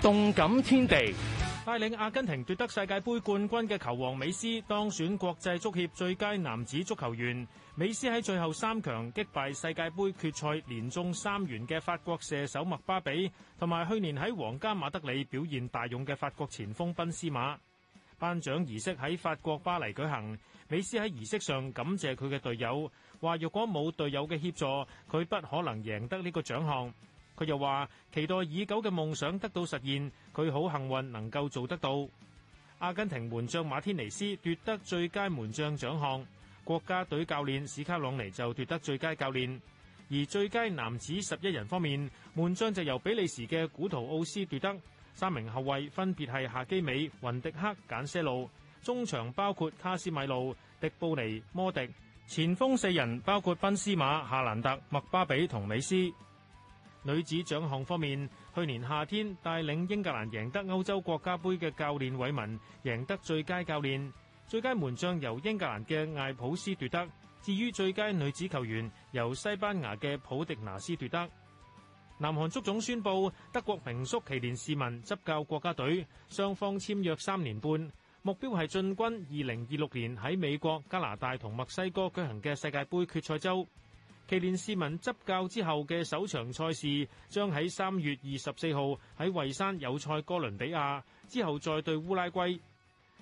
動感天地帶領阿根廷奪得世界杯冠軍嘅球王美斯當選國際足協最佳男子足球員。美斯喺最後三強擊敗世界杯決賽連中三元嘅法國射手麥巴比，同埋去年喺皇家馬德里表現大勇嘅法國前鋒賓斯馬。頒獎儀式喺法國巴黎舉行，美斯喺儀式上感謝佢嘅隊友，話若果冇隊友嘅協助，佢不可能贏得呢個獎項。佢又話：期待已久嘅夢想得到實現，佢好幸運能夠做得到。阿根廷門將馬天尼斯奪得最佳門將獎項，國家隊教練史卡朗尼就奪得最佳教練。而最佳男子十一人方面，門將就由比利時嘅古圖奧斯奪得，三名後衞分別係夏基美、雲迪克、簡些路，中場包括卡斯米魯、迪布尼、摩迪，前鋒四人包括賓斯馬、夏蘭特、麥巴比同美斯。女子獎項方面，去年夏天帶領英格蘭贏得歐洲國家杯嘅教練偉民贏得最佳教練，最佳門將由英格蘭嘅艾普斯奪得。至於最佳女子球員，由西班牙嘅普迪拿斯奪得。南韓足總宣布，德國名宿奇連士文執教國家隊，雙方簽約三年半，目標係進軍二零二六年喺美國、加拿大同墨西哥舉行嘅世界杯決賽周。奇連士文執教之後嘅首場賽事，將喺三月二十四號喺惠山友賽哥倫比亞，之後再對烏拉圭。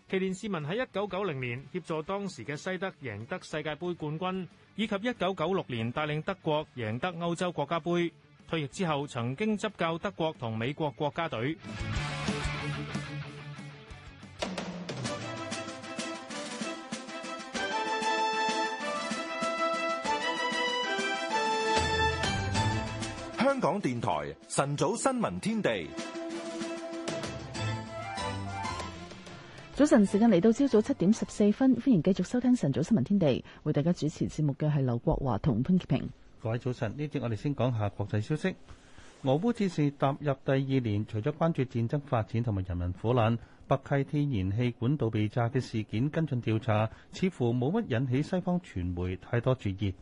奇連士文喺一九九零年協助當時嘅西德贏得世界杯冠軍，以及一九九六年帶領德國贏得歐洲國家杯。退役之後，曾經執教德國同美國國家隊。香港電台晨早新聞天地，早晨時間嚟到朝早七點十四分，歡迎繼續收聽晨早新聞天地，為大家主持節目嘅係劉國華同潘潔平。各位早晨，呢節我哋先講下國際消息。俄烏戰事踏入第二年，除咗關注戰爭發展同埋人民苦難，北溪天然氣管道被炸嘅事件跟進調查，似乎冇乜引起西方傳媒太多注意。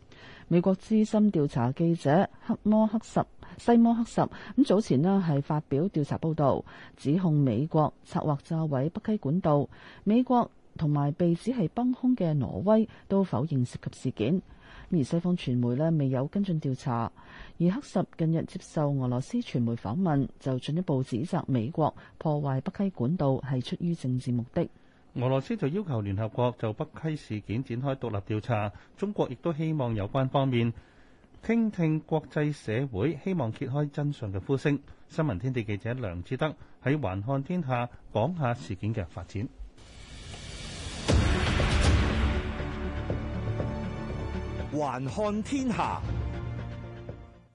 美國資深調查記者黑摩赫什西摩赫什，咁早前咧係發表調查報道，指控美國策劃炸毀北溪管道。美國同埋被指係幫兇嘅挪威都否認涉及事件。而西方傳媒咧未有跟進調查。而赫什近日接受俄羅斯傳媒訪問，就進一步指責美國破壞北溪管道係出於政治目的。俄羅斯就要求聯合國就北溪事件展開獨立調查，中國亦都希望有關方面傾聽國際社會希望揭開真相嘅呼聲。新聞天地記者梁志德喺《環看天下》講下事件嘅發展。《環看天下》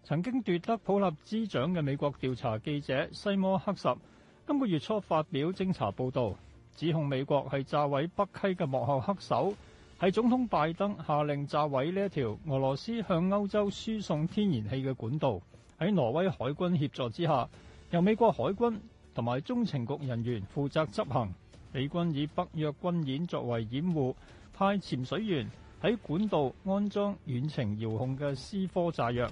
曾經奪得普立茲獎嘅美國調查記者西摩·赫什，今個月初發表偵查報道。指控美國係炸毀北溪嘅幕後黑手，係總統拜登下令炸毀呢一條俄羅斯向歐洲輸送天然氣嘅管道。喺挪威海軍協助之下，由美國海軍同埋中情局人員負責執行。美軍以北約軍演作為掩護，派潛水員喺管道安裝遠程遙控嘅 C4 炸藥。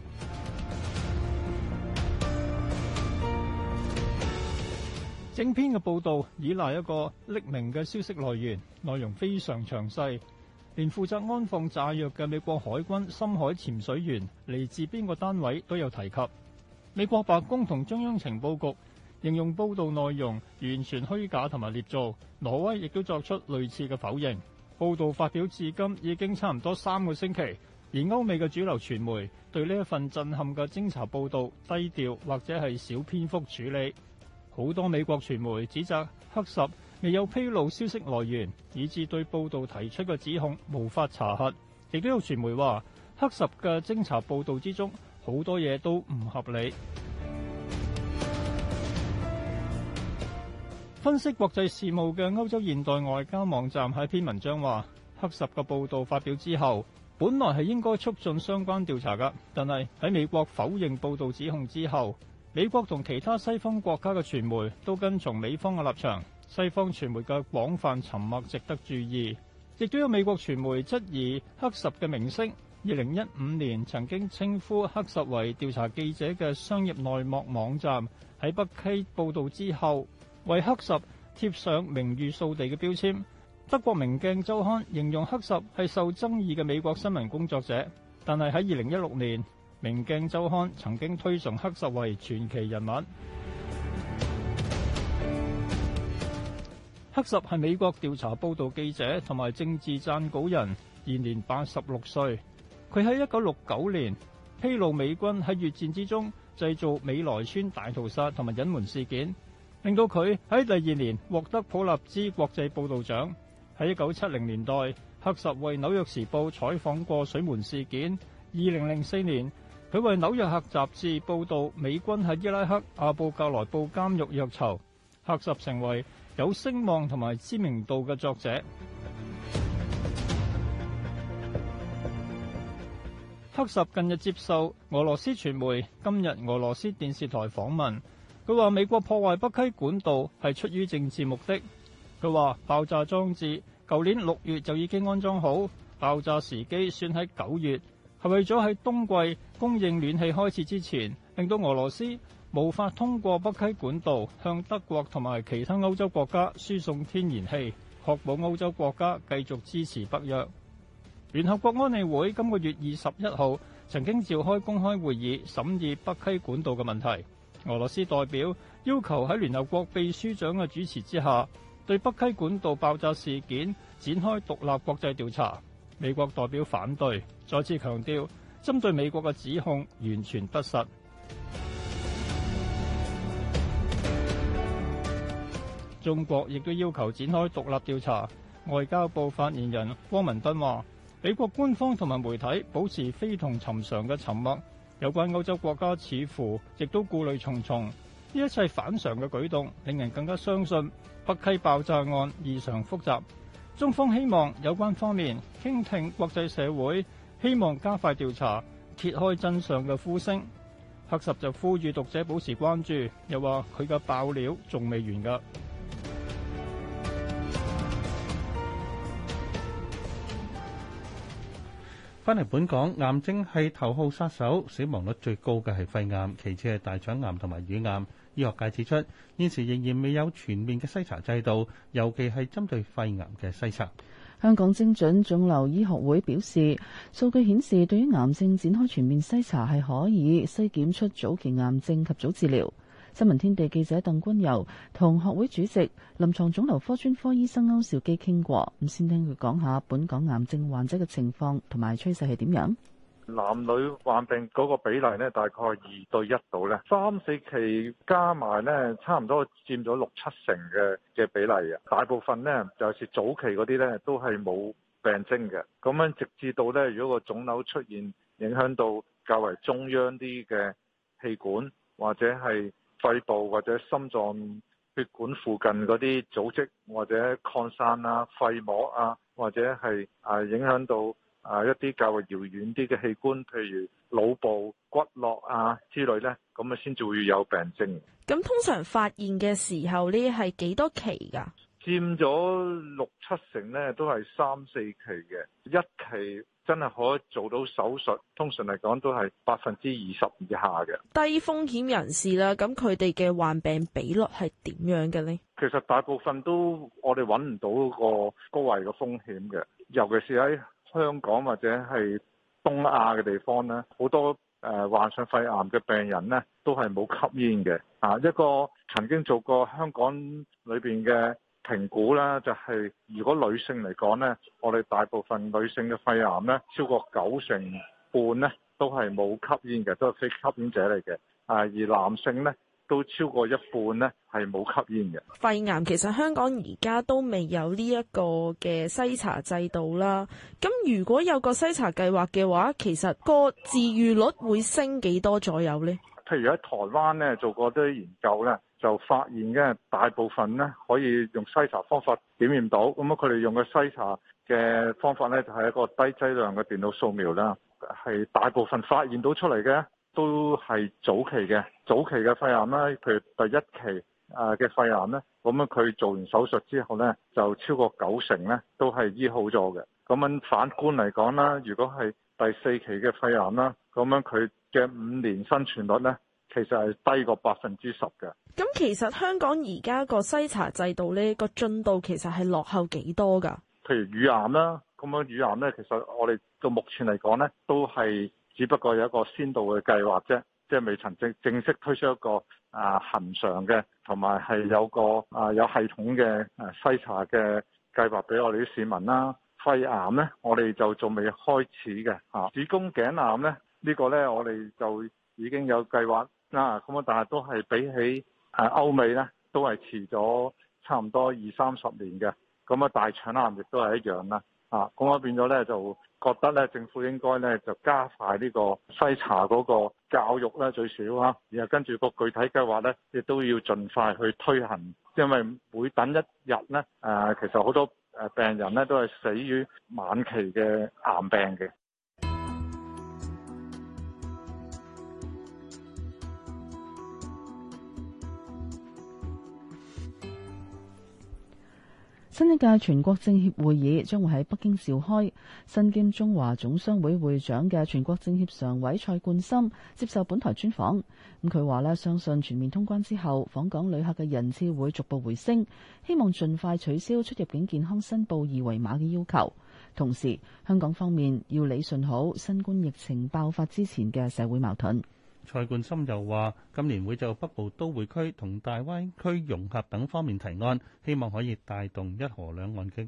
整篇嘅報導以嚟一個匿名嘅消息來源，內容非常詳細，連負責安放炸藥嘅美國海軍深海潛水員嚟自邊個單位都有提及。美國白宮同中央情報局形容報導內容完全虛假同埋捏造，挪威亦都作出類似嘅否認。報導發表至今已經差唔多三個星期，而歐美嘅主流傳媒對呢一份震撼嘅偵查報導低調或者係小篇幅處理。好多美國傳媒指責黑十未有披露消息來源，以致對報導提出嘅指控無法查核。亦都有傳媒話黑十嘅偵查報導之中好多嘢都唔合理。分析國際事務嘅歐洲現代外交網站喺篇文章話：黑十嘅報導發表之後，本來係應該促進相關調查㗎，但係喺美國否認報導指控之後。美國同其他西方國家嘅傳媒都跟從美方嘅立場，西方傳媒嘅廣泛沉默值得注意。亦都有美國傳媒質疑黑十嘅名聲。二零一五年曾經稱呼黑十為調查記者嘅商業內幕網站喺北溪報導之後，為黑十貼上名譽掃地嘅標籤。德國《明鏡周刊》形容黑十係受爭議嘅美國新聞工作者，但係喺二零一六年。《明鏡周刊》曾經推崇黑石為傳奇人物。 黑石係美國調查報導記者同埋政治撰稿人，現年八十六歲。佢喺一九六九年披露美軍喺越戰之中製造美萊村大屠殺同埋隱瞞事件，令到佢喺第二年獲得普立茲國際報導獎。喺一九七零年代，黑石為《紐約時報》採訪過水門事件。二零零四年。佢為紐約客雜誌報導，美軍喺伊拉克阿布格萊布監獄虐囚，克什成為有聲望同埋知名度嘅作者。 克什近日接受俄羅斯傳媒今日俄羅斯電視台訪問，佢話美國破壞北溪管道係出於政治目的。佢話爆炸裝置舊年六月就已經安裝好，爆炸時機選喺九月。係為咗喺冬季供應暖氣開始之前，令到俄羅斯無法通過北溪管道向德國同埋其他歐洲國家輸送天然氣，確保歐洲國家繼續支持北約。聯合國安理會今個月二十一號曾經召開公開會議審議北溪管道嘅問題。俄羅斯代表要求喺聯合國秘書長嘅主持之下，對北溪管道爆炸事件展開獨立國際調查。美國代表反對，再次強調針對美國嘅指控完全不實。中國亦都要求展開獨立調查。外交部發言人汪文斌話：美國官方同埋媒體保持非同尋常嘅沉默，有關歐洲國家似乎亦都顧慮重重。呢一切反常嘅舉動，令人更加相信北溪爆炸案異常複雜。中方希望有關方面傾聽國際社會，希望加快調查，揭開真相嘅呼聲。黑十就呼籲讀者保持關注，又話佢嘅爆料仲未完㗎。翻嚟本港，癌症係頭號殺手，死亡率最高嘅係肺癌，其次係大腸癌同埋乳癌。醫學界指出，現時仍然未有全面嘅篩查制度，尤其係針對肺癌嘅篩查。香港精準腫瘤醫學會表示，數據顯示對於癌症展開全面篩查係可以篩檢出早期癌症及早治療。新聞天地記者鄧君遊同學會主席、臨床腫瘤科專科醫生歐兆基傾過，咁先聽佢講下本港癌症患者嘅情況同埋趨勢係點樣。男女患病嗰個比例咧，大概二對一到咧，三四期加埋咧，差唔多佔咗六七成嘅嘅比例啊。大部分咧，就是早期嗰啲咧，都係冇病徵嘅。咁樣直至到咧，如果個腫瘤出現影響到較為中央啲嘅氣管或者係肺部或者心臟血管附近嗰啲組織或者擴散啊、肺膜啊或者係啊影響到。啊！一啲較為遙遠啲嘅器官，譬如腦部、骨骼啊之類呢，咁啊先至會有病症。咁通常發現嘅時候呢，係幾多期㗎？佔咗六七成呢，都係三四期嘅。一期真係可以做到手術，通常嚟講都係百分之二十以下嘅低風險人士啦。咁佢哋嘅患病比率係點樣嘅呢？其實大部分都我哋揾唔到個高危嘅風險嘅，尤其是喺。香港或者係東亞嘅地方咧，好多誒患上肺癌嘅病人咧，都係冇吸煙嘅。啊，一個曾經做過香港裏邊嘅評估咧、就是，就係如果女性嚟講咧，我哋大部分女性嘅肺癌咧，超過九成半咧，都係冇吸煙嘅，都係非吸煙者嚟嘅。啊，而男性咧。都超過一半咧，係冇吸煙嘅肺癌。其實香港而家都未有呢一個嘅篩查制度啦。咁如果有個篩查計劃嘅話，其實個治癒率會升幾多左右呢？譬如喺台灣咧做過啲研究咧，就發現嘅大部分咧可以用篩查方法檢驗到。咁啊，佢哋用嘅篩查嘅方法咧就係、是、一個低劑量嘅電腦掃描啦，係大部分發現到出嚟嘅。都係早期嘅，早期嘅肺癌啦。譬如第一期啊嘅肺癌咧，咁樣佢做完手術之後咧，就超過九成咧都係醫好咗嘅。咁樣反觀嚟講啦，如果係第四期嘅肺癌啦，咁樣佢嘅五年生存率咧，其實係低過百分之十嘅。咁其實香港而家個篩查制度咧，個進度其實係落後幾多㗎？譬如乳癌啦，咁樣乳癌咧，其實我哋到目前嚟講咧，都係。只不過有一個先導嘅計劃啫，即係未曾正正式推出一個啊恆常嘅，同埋係有個啊有系統嘅誒篩查嘅計劃俾我哋啲市民啦。肺癌呢，我哋就仲未開始嘅嚇、啊。子宮頸癌呢，呢個呢，我哋就已經有計劃啦。咁啊，但係都係比起誒歐美呢，都係遲咗差唔多二三十年嘅。咁啊，大腸癌亦都係一樣啦。啊，咁我變咗咧就覺得咧，政府應該咧就加快呢個篩查嗰個教育咧最少嚇、啊，然後跟住個具體計劃咧，亦都要盡快去推行，因為每等一日咧，誒、呃、其實好多誒病人咧都係死於晚期嘅癌病嘅。新一屆全國政協會議將會喺北京召開。身兼中華總商會會長嘅全國政協常委蔡冠森接受本台專訪，咁佢話呢，相信全面通關之後，訪港旅客嘅人次會逐步回升，希望盡快取消出入境健康申報二維碼嘅要求。同時，香港方面要理順好新冠疫情爆發之前嘅社會矛盾。蔡冠深又話：今年會就北部都會區同大灣區融合等方面提案，希望可以帶動一河兩岸嘅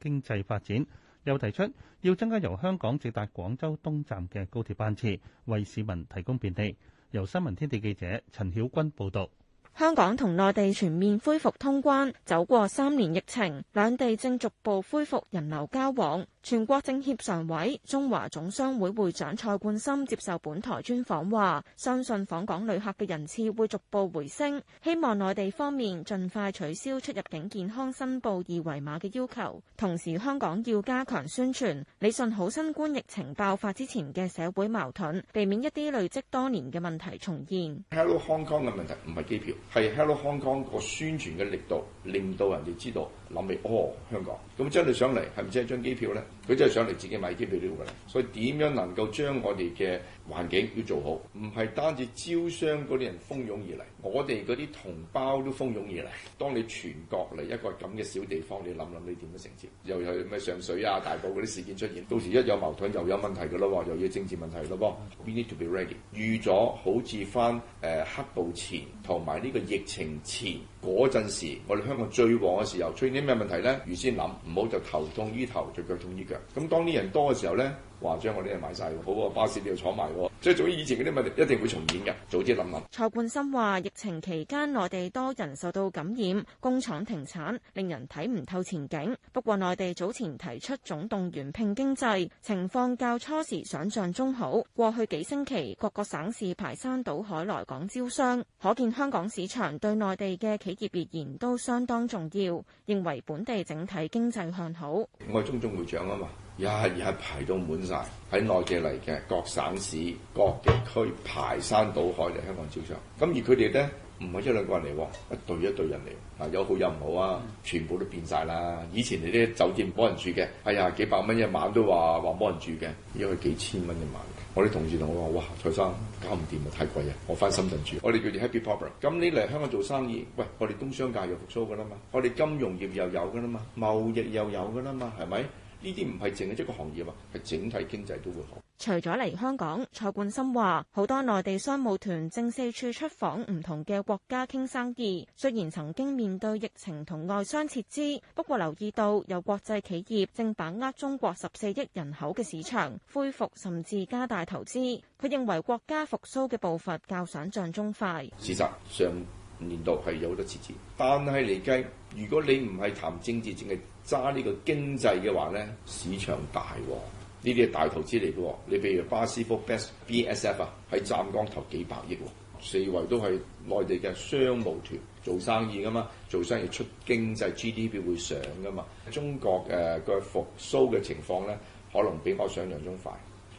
經濟發展。又提出要增加由香港直達廣州東站嘅高鐵班次，為市民提供便利。由新聞天地記者陳曉君報道。香港同內地全面恢復通關，走過三年疫情，兩地正逐步恢復人流交往。全國政協常委、中華總商會會長蔡冠深接受本台專訪話，相信訪港旅客嘅人次會逐步回升，希望內地方面盡快取消出入境健康申報二維碼嘅要求，同時香港要加強宣傳。理順好新冠疫情爆發之前嘅社會矛盾，避免一啲累積多年嘅問題重現。Hello Hong Kong 嘅問題唔係機票，係 Hello Hong Kong 個宣傳嘅力度，令到人哋知道。諗起哦，香港咁真係上嚟係唔止係張機票呢？佢真係上嚟自己買機票呢度，所以點樣能夠將我哋嘅？環境要做好，唔係單止招商嗰啲人蜂擁而嚟，我哋嗰啲同胞都蜂擁而嚟。 當你全國嚟一個咁嘅小地方，你諗諗你點樣承接？又係咩上水啊、大埔嗰啲事件出現，到時一有矛盾又有問題㗎咯喎，又要政治問題咯噃。We need to be ready，預咗好似返誒黑暴前同埋呢個疫情前嗰陣時，我哋香港最旺嘅時候，出現啲咩問題咧？預先諗，唔好就頭痛醫頭就腳痛腳，就腳痛醫腳。咁當啲人多嘅時候咧。話將我啲嘢賣曬好啊、哦！巴士都要坐埋喎、哦，即係總以前嗰啲問一定會重演嘅，早啲諗諗。蔡冠深話：疫情期間內地多人受到感染，工廠停產，令人睇唔透前景。不過內地早前提出總動員拼經濟，情況較初時想像中好。過去幾星期，各個省市排山倒海來港招商，可見香港市場對內地嘅企業而言都相當重要。認為本地整體經濟向好。我係中總會長啊嘛。而日日排到滿晒，喺內地嚟嘅各省市各地區排山倒海嚟香港招商。咁而佢哋咧唔係一兩個人嚟喎，一隊一隊人嚟。啊，有好有唔好啊，全部都變晒啦。以前你啲酒店幫人住嘅，哎呀幾百蚊一晚都話話幫人住嘅，而家幾千蚊一晚。我啲同事同我話：哇，蔡生搞唔掂啊，太貴啊！我返深圳住。的我哋叫做 Happy Problem。咁你嚟香港做生意，喂，我哋工商界又復甦噶啦嘛，我哋金融業又有噶啦嘛，貿易又有噶啦嘛，係咪？呢啲唔係淨係一個行業啊嘛，係整體經濟都會好。除咗嚟香港，蔡冠森話好多內地商務團正四處出訪唔同嘅國家傾生意。雖然曾經面對疫情同外商撤資，不過留意到有國際企業正把握中國十四億人口嘅市場恢復，甚至加大投資。佢認為國家復甦嘅步伐較想像中快。事實上，年度係有得設置，但係嚟計，如果你唔係談政治，淨係揸呢個經濟嘅話咧，市場大喎、哦，呢啲係大投資嚟嘅喎。你譬如巴斯福 Best BSF 啊，喺湛江投幾百億喎、哦。四圍都係內地嘅商務團做生意㗎嘛，做生意出經濟 G D P 會上㗎嘛。中國誒個復甦嘅情況咧，可能比我想象中快。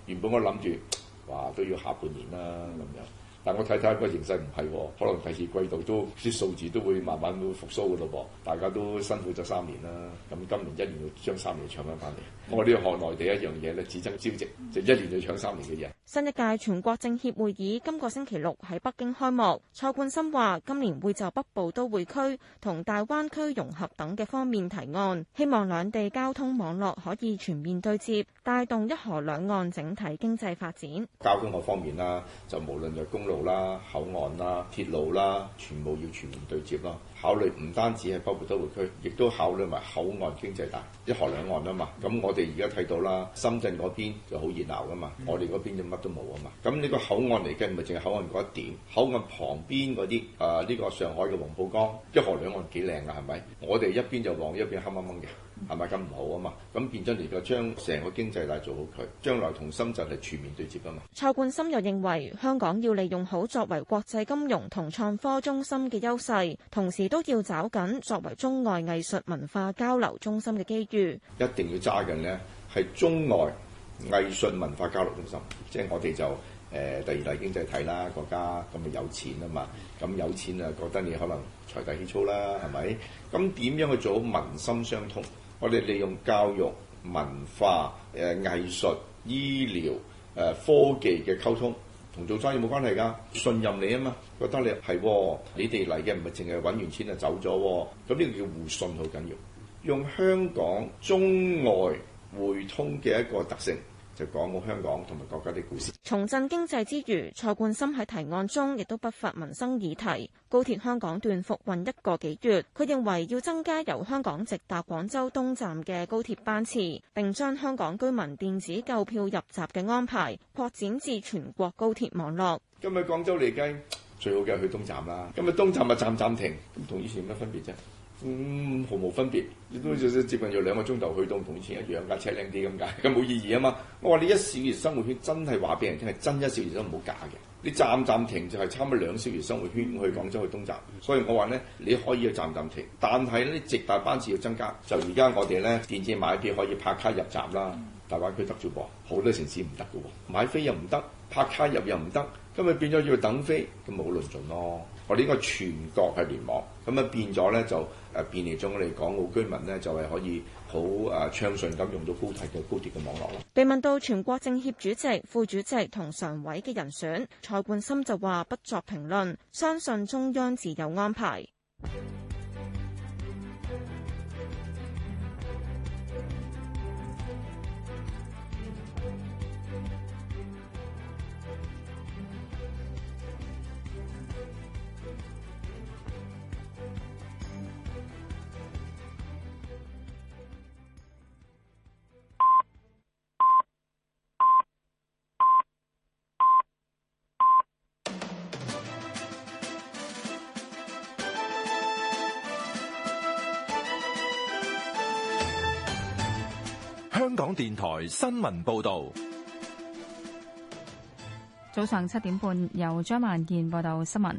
原本我諗住，哇都要下半年啦咁樣。但我睇睇個形勢唔係，可能第二季度都啲數字都會慢慢會復甦嘅咯噃。大家都辛苦咗三年啦，咁今年一年要將三年搶翻翻嚟。嗯、我哋學內地一樣嘢咧，只爭朝夕，嗯、就一年要搶三年嘅人。新一屆全國政協會議今個星期六喺北京開幕，蔡冠深話今年會就北部都會區同大灣區融合等嘅方面提案，希望兩地交通網絡可以全面對接，帶動一河兩岸整體經濟發展。交通個方面啦，就無論係公路。啦，口岸啦，鐵路啦，全部要全面對接咯。考慮唔單止係北部都會區，亦都考慮埋口岸經濟帶。一河兩岸啊嘛。咁我哋而家睇到啦，深圳嗰邊就好熱鬧噶嘛，我哋嗰邊就乜都冇啊嘛。咁呢個口岸嚟緊，咪淨係口岸嗰一點，口岸旁邊嗰啲誒呢個上海嘅黃浦江，一河兩岸幾靚噶，係咪？我哋一邊就黃，一邊黑掹掹嘅。係咪咁唔好啊嘛？咁變咗嚟個將成個經濟帶做好佢，將來同深圳係全面對接啊嘛。蔡冠深又認為香港要利用好作為國際金融同創科中心嘅優勢，同時都要找緊作為中外藝術文化交流中心嘅機遇。一定要揸緊呢係中外藝術文化交流中心，即係我哋就誒第二大經濟體啦，國家咁咪有錢啊嘛？咁有錢啊，覺得你可能財大氣粗啦，係咪？咁點樣去做好民心相通？我哋利用教育、文化、誒、呃、藝術、醫療、誒、呃、科技嘅溝通，同做生意冇關係㗎，信任你啊嘛，覺得你係，你哋嚟嘅唔係淨係揾完錢就走咗，哦，咁呢個叫互信好緊要，用香港中外匯通嘅一個特性。就講好香港同埋國家嘅故事。重振經濟之餘，蔡冠深喺提案中亦都不乏民生議題。高鐵香港段復運一個幾月，佢認為要增加由香港直達廣州東站嘅高鐵班次，並將香港居民電子購票入閘嘅安排擴展至全國高鐵網絡。今日廣州嚟雞最好嘅去東站啦。今日東站咪站站停，同以前有乜分別啫？嗯，毫無分別，你都最接近要兩個鐘頭去到，同以前一樣架車靚啲咁解，咁冇意義啊嘛！我話你一小時生活圈真係話俾人聽係真一小時都唔好假嘅，你暫暫停就係差唔多兩小時生活圈去廣州去東站，嗯、所以我話咧你可以暫暫停，但係咧直達班次要增加，就而家我哋咧電子買票可以拍卡入閘啦，大灣區得住噃，好多城市唔得嘅喎，買飛又唔得，拍卡入又唔得，咁咪變咗要等飛，咁冇論盡咯。我呢個全國係聯網，咁啊變咗咧就誒便利咗我哋港澳居民咧，就係可以好誒暢順咁用到高鐵嘅高鐵嘅網絡。被問到全國政協主席、副主席同常委嘅人選，蔡冠深就話不作評論，相信中央自有安排。台新聞報導，早上七點半由張萬燕報道新聞。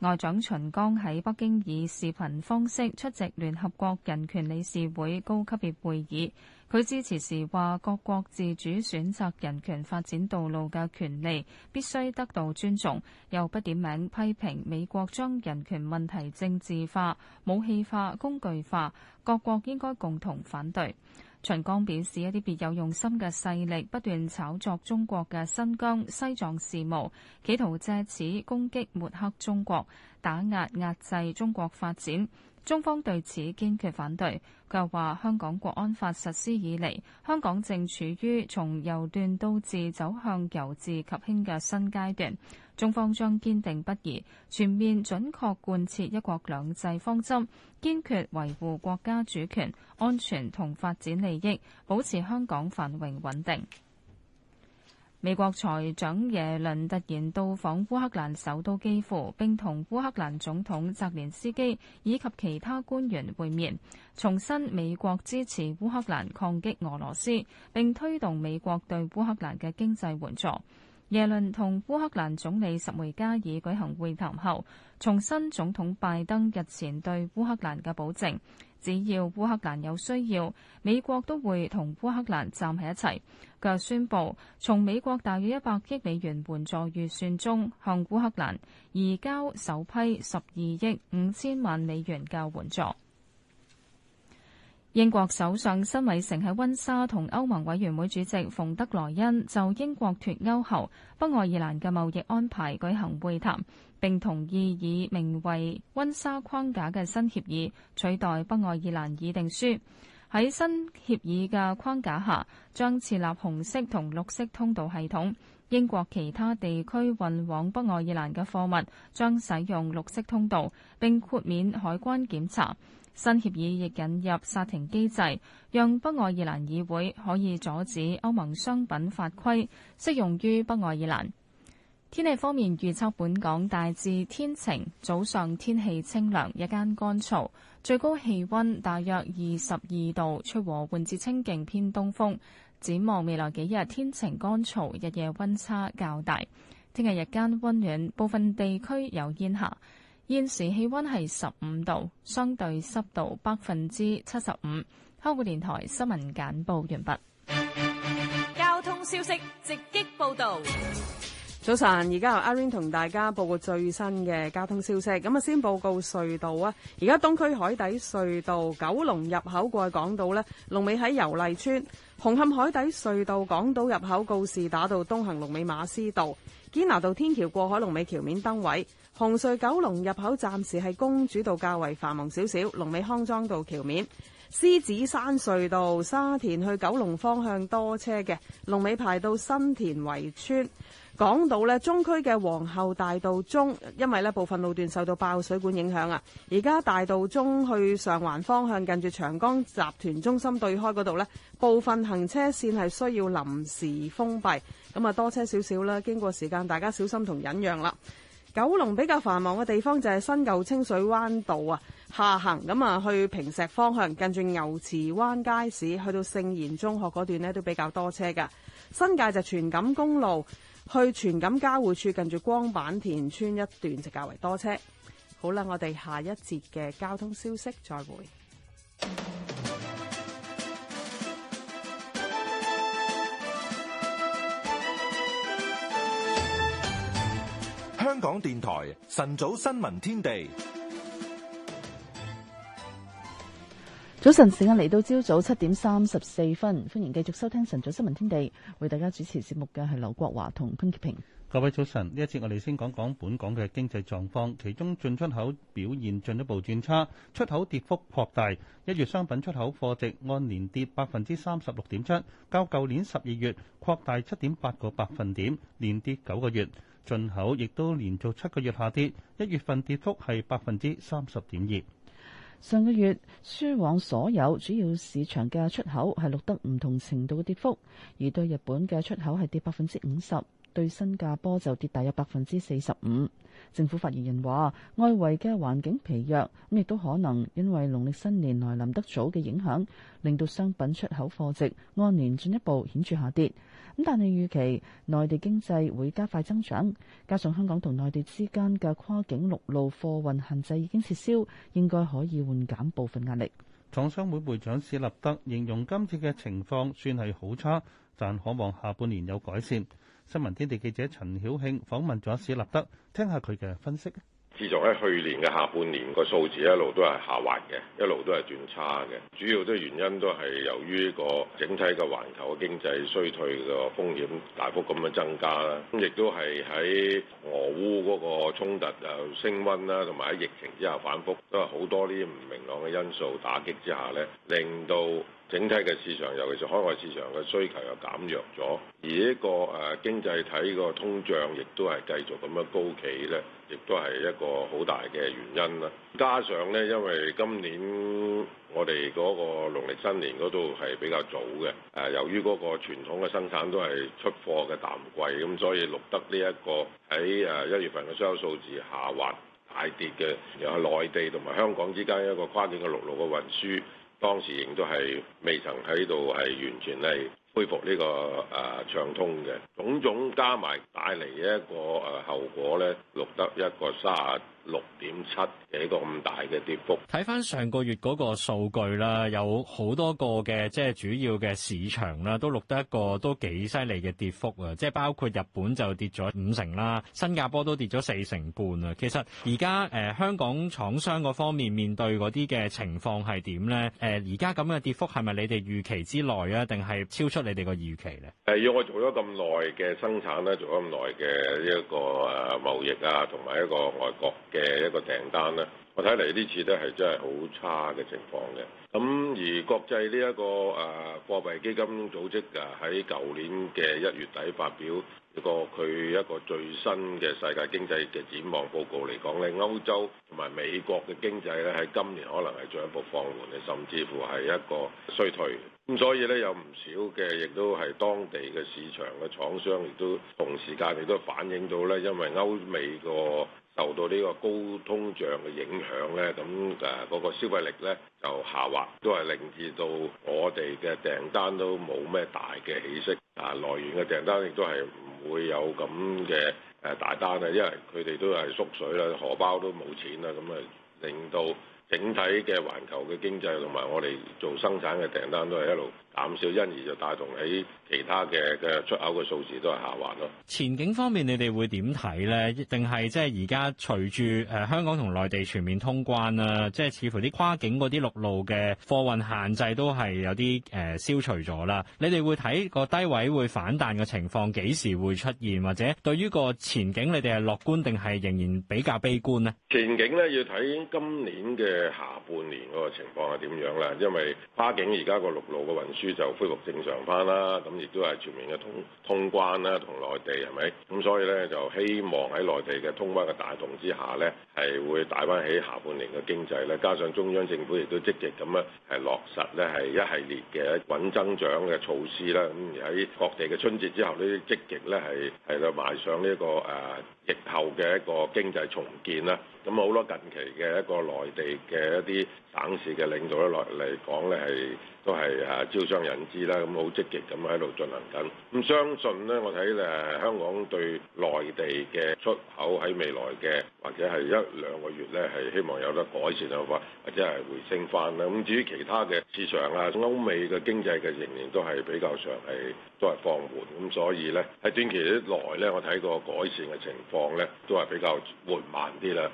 外長秦剛喺北京以視頻方式出席聯合國人權理事會高級別會議。佢支持時話，各國自主選擇人權發展道路嘅權利必須得到尊重，又不點名批評美國將人權問題政治化、武器化、工具化，各國應該共同反對。秦剛表示，一啲別有用心嘅勢力不斷炒作中國嘅新疆、西藏事務，企圖借此攻擊抹黑中國，打壓壓制中國發展。中方對此堅決反對。佢又話：香港國安法實施以嚟，香港正處於從由亂到治走向由治及興嘅新階段。中方將堅定不移，全面準確貫徹一國兩制方針，堅決維護國家主權、安全同發展利益，保持香港繁榮穩定。美國財長耶倫突然到訪烏克蘭首都基輔，並同烏克蘭總統澤連斯基以及其他官員會面，重申美國支持烏克蘭抗擊俄羅斯，並推動美國對烏克蘭嘅經濟援助。耶倫同烏克蘭總理什梅加爾舉行會談後，重申總統拜登日前對烏克蘭嘅保證。只要烏克蘭有需要，美國都會同烏克蘭站喺一齊。佢宣布，從美國大約一百億美元援助預算中，向烏克蘭移交首批十二億五千萬美元嘅援助。英國首相辛偉誠喺溫莎同歐盟委員會主席馮德萊恩就英國脫歐後北愛爾蘭嘅貿易安排舉行會談，並同意以名為溫莎框架嘅新協議取代北愛爾蘭議定書。喺新協議嘅框架下，將設立紅色同綠色通道系統。英國其他地區運往北愛爾蘭嘅貨物將使用綠色通道，並豁免海關檢查。新協議亦引入剎停機制，讓北愛爾蘭議會可以阻止歐盟商品法規適用於北愛爾蘭。天氣方面預測，本港大致天晴，早上天氣清涼，一間乾燥，最高氣温大約二十二度，出和緩至清勁偏東風。展望未來幾日，天晴乾燥，日夜温差較大。聽日日間温暖，部分地區有煙霞。現時氣温係十五度，相對濕度百分之七十五。香港電台新聞簡報完畢。交通消息直擊報道。早晨，而家由阿 Rain 同大家報個最新嘅交通消息。咁啊，先報告隧道啊！而家東區海底隧道九龍入口過去港島呢，龍尾喺油麗村；紅磡海底隧道港島入口告士打道東行龍尾馬師道；堅拿道天橋過海龍尾橋面燈位。紅隧九龍入口暫時係公主道較為繁忙少少，龍尾康莊道橋面、獅子山隧道、沙田去九龍方向多車嘅龍尾排到新田圍村。港島呢，中區嘅皇后大道中，因為呢部分路段受到爆水管影響啊，而家大道中去上環方向，近住長江集團中心對開嗰度呢，部分行車綫係需要臨時封閉，咁啊多車少少啦。經過時間，大家小心同忍讓啦。九龍比較繁忙嘅地方就係新舊清水灣道啊，下行咁啊去坪石方向，近住牛池灣街市去到聖言中學嗰段咧都比較多車㗎。新界就荃錦公路，去荃錦交匯處，近住光板田村一段就較為多車。好啦，我哋下一節嘅交通消息再會。香港電台晨早新聞天地，早晨，時間嚟到朝早七點三十四分，歡迎繼續收聽晨早新聞天地。為大家主持節目嘅係劉國華同潘潔平。各位早晨，呢一節我哋先講講本港嘅經濟狀況，其中進出口表現進一步轉差，出口跌幅擴大。一月商品出口貨值按年跌百分之三十六點七，較舊年十二月擴大七點八個百分點，連跌九個月。進口亦都連續七個月下跌，一月份跌幅係百分之三十點二。上個月輸往所有主要市場嘅出口係錄得唔同程度嘅跌幅，而對日本嘅出口係跌百分之五十。對新加坡就跌大約百分之四十五。政府發言人話：外圍嘅環境疲弱，咁亦都可能因為農曆新年來臨得早嘅影響，令到商品出口貨值按年進一步顯著下跌。咁但係預期內地經濟會加快增長，加上香港同內地之間嘅跨境陸路貨運限制已經撤銷，應該可以緩減部分壓力。廠商會會長史立德形容今次嘅情況算係好差，但可望下半年有改善。新聞天地記者陳曉慶訪問咗史立德，聽下佢嘅分析。自從喺去年嘅下半年，個數字一路都係下滑嘅，一路都係轉差嘅。主要嘅原因都係由於呢個整體嘅環球嘅經濟衰退個風險大幅咁樣增加啦。咁亦都係喺俄烏嗰個衝突又升温啦，同埋喺疫情之下反覆，都係好多呢啲唔明朗嘅因素打擊之下咧，令到。整體嘅市場，尤其是海外市場嘅需求又減弱咗，而呢個誒經濟體個通脹亦都係繼續咁樣高企咧，亦都係一個好大嘅原因啦。加上咧，因為今年我哋嗰個農曆新年嗰度係比較早嘅，誒由於嗰個傳統嘅生產都係出貨嘅淡季，咁所以錄得呢一個喺誒一月份嘅銷售數字下滑大跌嘅，又係內地同埋香港之間一個跨境嘅陸路嘅運輸。當時亦都係未曾喺度係完全係恢復呢個誒暢通嘅，種種加埋帶嚟嘅一個誒後果咧，錄得一個卅啊。六點七嘅一個咁大嘅跌幅，睇翻上個月嗰個數據啦，有好多個嘅即係主要嘅市場啦，都錄得一個都幾犀利嘅跌幅啊！即係包括日本就跌咗五成啦，新加坡都跌咗四成半啊！其實而家誒香港廠商嗰方面面對嗰啲嘅情況係點呢？誒而家咁嘅跌幅係咪你哋預期之內啊？定係超出你哋個預期呢？誒，要我做咗咁耐嘅生產咧，做咗咁耐嘅呢一個誒貿易啊，同埋一個外國。嘅一個訂單咧，我睇嚟，呢次都係真係好差嘅情況嘅。咁而國際呢一個誒貨幣基金組織啊，喺舊年嘅一月底發表一個佢一個最新嘅世界經濟嘅展望報告嚟講咧，歐洲同埋美國嘅經濟咧，喺今年可能係進一步放緩，甚至乎係一個衰退。咁所以咧，有唔少嘅亦都係當地嘅市場嘅廠商，亦都同時間亦都反映到咧，因為歐美個。受到呢個高通脹嘅影響呢，咁誒嗰個消費力呢就下滑，都係令至到我哋嘅訂單都冇咩大嘅起色啊。來源嘅訂單亦都係唔會有咁嘅誒大單啊，因為佢哋都係縮水啦，荷包都冇錢啦，咁啊令到整體嘅環球嘅經濟同埋我哋做生產嘅訂單都係一路。減少，因而就帶動喺其他嘅，嘅出口嘅數字都係下滑咯。前景方面你哋會點睇呢？定係即係而家隨住誒香港同內地全面通關啦，即係似乎啲跨境嗰啲陸路嘅貨運限制都係有啲誒消除咗啦。你哋會睇個低位會反彈嘅情況幾時會出現，或者對於個前景你哋係樂觀定係仍然比較悲觀呢？前景呢？要睇今年嘅下半年嗰個情況係點樣啦，因為跨境而家個陸路嘅運就恢復正常翻啦，咁亦都係全面嘅通通關啦，同內地係咪？咁所以呢，就希望喺內地嘅通關嘅大動之下呢，係會帶翻起下半年嘅經濟呢，加上中央政府亦都積極咁啊，係落實呢，係一系列嘅穩增長嘅措施啦。咁而喺各地嘅春節之後呢，積極呢，係喺度邁上呢、呢個誒。呃疫後嘅一個經濟重建啦，咁好多近期嘅一個內地嘅一啲省市嘅領導咧，來嚟講咧，係都係啊招商引資啦，咁好積極咁喺度進行緊。咁相信咧，我睇誒香港對內地嘅出口喺未來嘅或者係一兩個月咧，係希望有得改善嘅話，或者係回升翻啦。咁至於其他嘅市場啊，歐美嘅經濟嘅仍然都係比較上係，都係放緩，咁所以咧喺短期內咧，我睇個改善嘅情況咧，都係比較緩慢啲啦。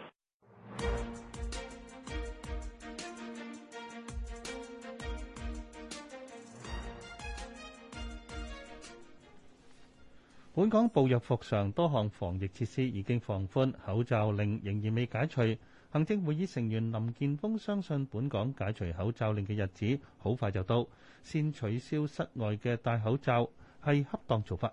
本港步入復常，多項防疫設施已經放寬，口罩令仍然未解除。行政會議成員林健鋒相信，本港解除口罩令嘅日子好快就到，先取消室外嘅戴口罩，係恰當做法。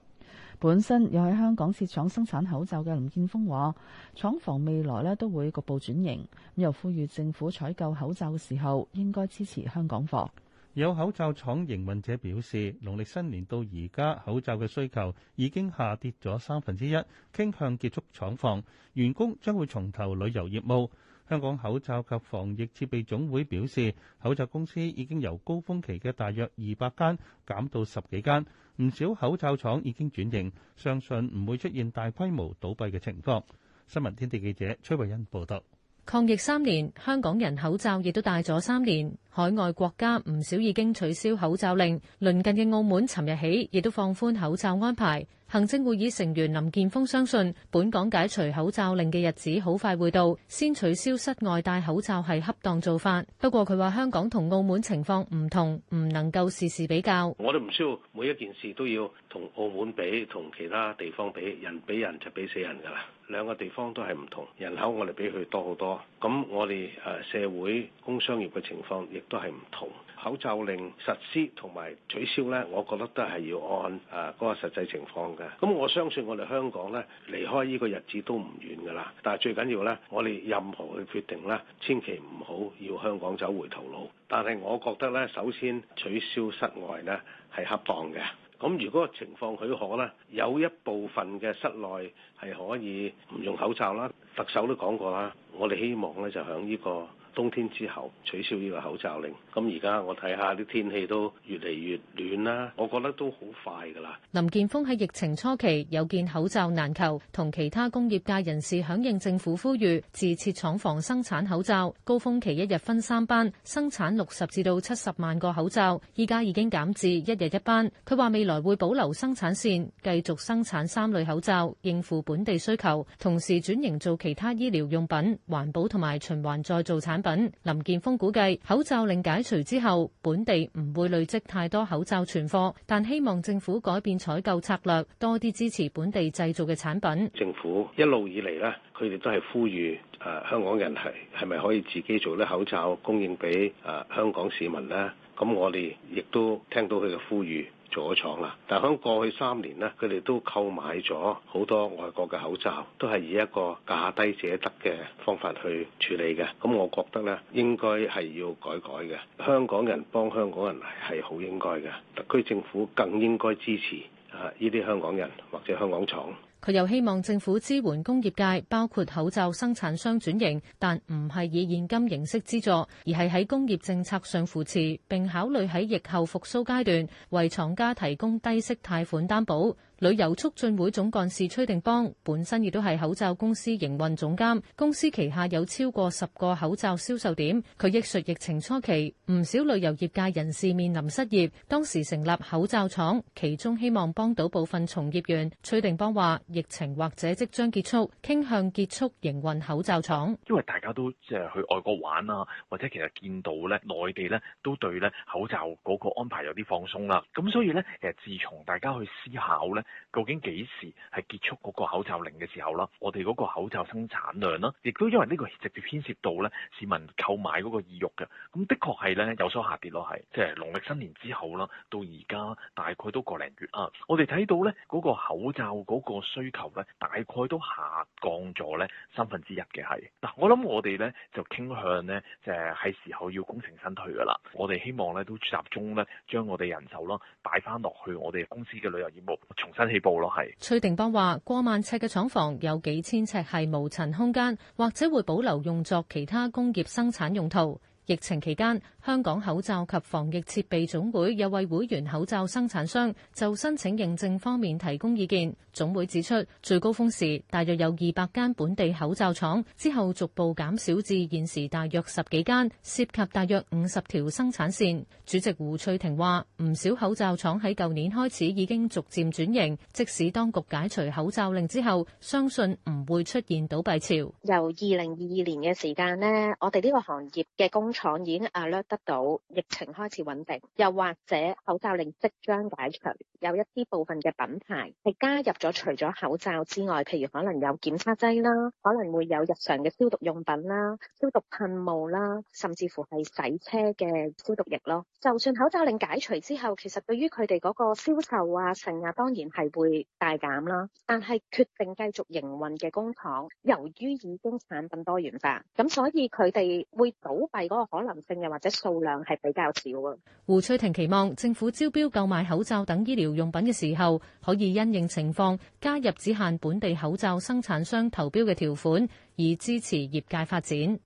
本身又喺香港設廠生產口罩嘅林建峰話，廠房未來咧都會局部轉型。又呼籲政府採購口罩嘅時候應該支持香港貨。有口罩廠營運者表示，農曆新年到而家口罩嘅需求已經下跌咗三分之一，傾向結束廠房，員工將會重頭旅遊業務。香港口罩及防疫設備總會表示，口罩公司已經由高峰期嘅大約二百間減到十幾間。唔少口罩廠已經轉型，相信唔會出現大規模倒閉嘅情況。新聞天地記者崔慧欣報道：抗疫三年，香港人口罩亦都戴咗三年，海外國家唔少已經取消口罩令，鄰近嘅澳門尋日起亦都放寬口罩安排。行政會議成員林健鋒相信，本港解除口罩令嘅日子好快會到，先取消室外戴口罩係恰當做法。不過佢話香港同澳門情況唔同，唔能夠事事比較。我哋唔需要每一件事都要同澳門比，同其他地方比，人比人就比死人噶啦。兩個地方都係唔同，人口我哋比佢多好多，咁我哋誒社會工商業嘅情況亦都係唔同。口罩令實施同埋取消呢，我覺得都係要按誒嗰、呃嗰個實際情況嘅。咁我相信我哋香港呢，離開呢個日子都唔遠㗎啦。但係最緊要呢，我哋任何嘅決定呢，千祈唔好要香港走回頭路。但係我覺得呢，首先取消室外呢係恰當嘅。咁如果情況許可呢，有一部分嘅室內係可以唔用口罩啦。特首都講過啦，我哋希望呢就響呢、呢個。冬天之後取消呢個口罩令，咁而家我睇下啲天氣都越嚟越暖啦，我覺得都好快㗎啦。林健鋒喺疫情初期有件口罩難求，同其他工業界人士響應政府呼籲，自設廠房生產口罩。高峰期一日分三班生產六十至到七十萬個口罩，依家已經減至一日一班。佢話未來會保留生產線，繼續生產三類口罩應付本地需求，同時轉型做其他醫療用品、環保同埋循環再造產品。林健鋒估計口罩令解除之後，本地唔會累積太多口罩存貨，但希望政府改變採購策略，多啲支持本地製造嘅產品。政府一路以嚟呢，佢哋都係呼籲誒、啊，香港人係係咪可以自己做啲口罩供應俾誒、啊、香港市民呢？咁我哋亦都聽到佢嘅呼籲。咗廠啦，但喺過去三年呢，佢哋都購買咗好多外國嘅口罩，都係以一個價低者得嘅方法去處理嘅。咁我覺得呢，應該係要改改嘅。香港人幫香港人係好應該嘅，特區政府更應該支持啊！呢啲香港人或者香港廠。佢又希望政府支援工業界，包括口罩生產商轉型，但唔係以現金形式資助，而係喺工業政策上扶持，並考慮喺疫後復蘇階段為廠家提供低息貸款擔保。旅遊促進會總幹事崔定邦本身亦都係口罩公司營運總監，公司旗下有超過十個口罩銷售點。佢憶述疫情初期唔少旅遊業界人士面臨失業，當時成立口罩廠，其中希望幫到部分從業員。崔定邦話：疫情或者即將結束，傾向結束營運口罩廠。因為大家都即係去外國玩啊，或者其實見到咧內地咧都對咧口罩嗰個安排有啲放鬆啦。咁所以咧，其實自從大家去思考咧。究竟幾時係結束嗰個口罩令嘅時候啦？我哋嗰個口罩生產量啦，亦都因為呢個直接牽涉到咧市民購買嗰個意欲嘅，咁的確係咧有所下跌咯，係即係農曆新年之後啦，到而家大概都個零月啊，我哋睇到呢嗰個口罩嗰個需求呢大概都下降咗呢三分之一嘅係。嗱，我諗我哋呢就傾向呢，就係係時候要功成身退㗎啦。我哋希望呢都集中呢，將我哋人手啦擺翻落去我哋公司嘅旅遊業務中。新起步咯，係。崔定邦話：過萬尺嘅廠房有幾千尺係無塵空間，或者會保留用作其他工業生產用途。疫情期間，香港口罩及防疫設備總會又為會員口罩生產商就申請認證方面提供意見。總會指出，最高峰時大約有二百間本地口罩廠，之後逐步減少至現時大約十幾間，涉及大約五十條生產線。主席胡翠婷話：唔少口罩廠喺舊年開始已經逐漸轉型，即使當局解除口罩令之後，相信唔會出現倒閉潮。由二零二二年嘅時間呢，我哋呢個行業嘅工廠已經得到疫情開始穩定，又或者口罩令即將解除，有一啲部分嘅品牌係加入咗除咗口罩之外，譬如可能有檢測劑啦，可能會有日常嘅消毒用品啦、消毒噴霧啦，甚至乎係洗車嘅消毒液咯。就算口罩令解除之後，其實對於佢哋嗰個銷售啊成啊，當然係會大減啦。但係決定繼續營運嘅工廠，由於已經產品多元化，咁所以佢哋會倒閉嗰個。可能性又或者數量係比較少啊。胡翠婷期望政府招標購買口罩等醫療用品嘅時候，可以因應情況加入只限本地口罩生產商投標嘅條款，以支持業界發展。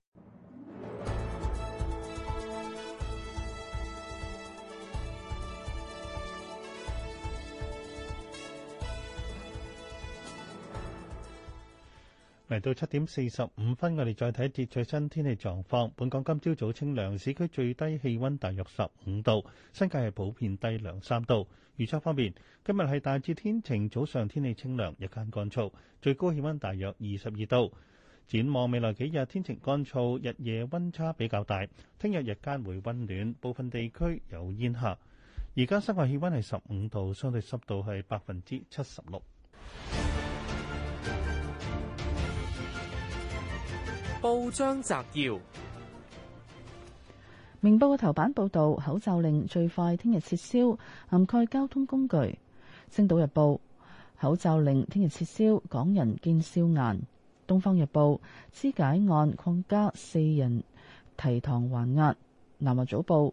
嚟到七點四十五分，我哋再睇一節最新天氣狀況。本港今朝早清涼，市區最低氣温大約十五度，新界係普遍低兩三度。預測方面，今日係大致天晴，早上天氣清涼，日間乾燥，最高氣温大約二十二度。展望未來幾日天晴乾燥，日夜温差比較大。聽日日間會温暖，部分地區有煙霞。而家室外氣温係十五度，相對濕度係百分之七十六。報章摘要：明報嘅頭版報道口罩令最快聽日撤銷，涵蓋交通工具。星島日報：口罩令聽日撤銷，港人見笑顏。東方日報：肢解案擴加四人，提堂還押。南華早報：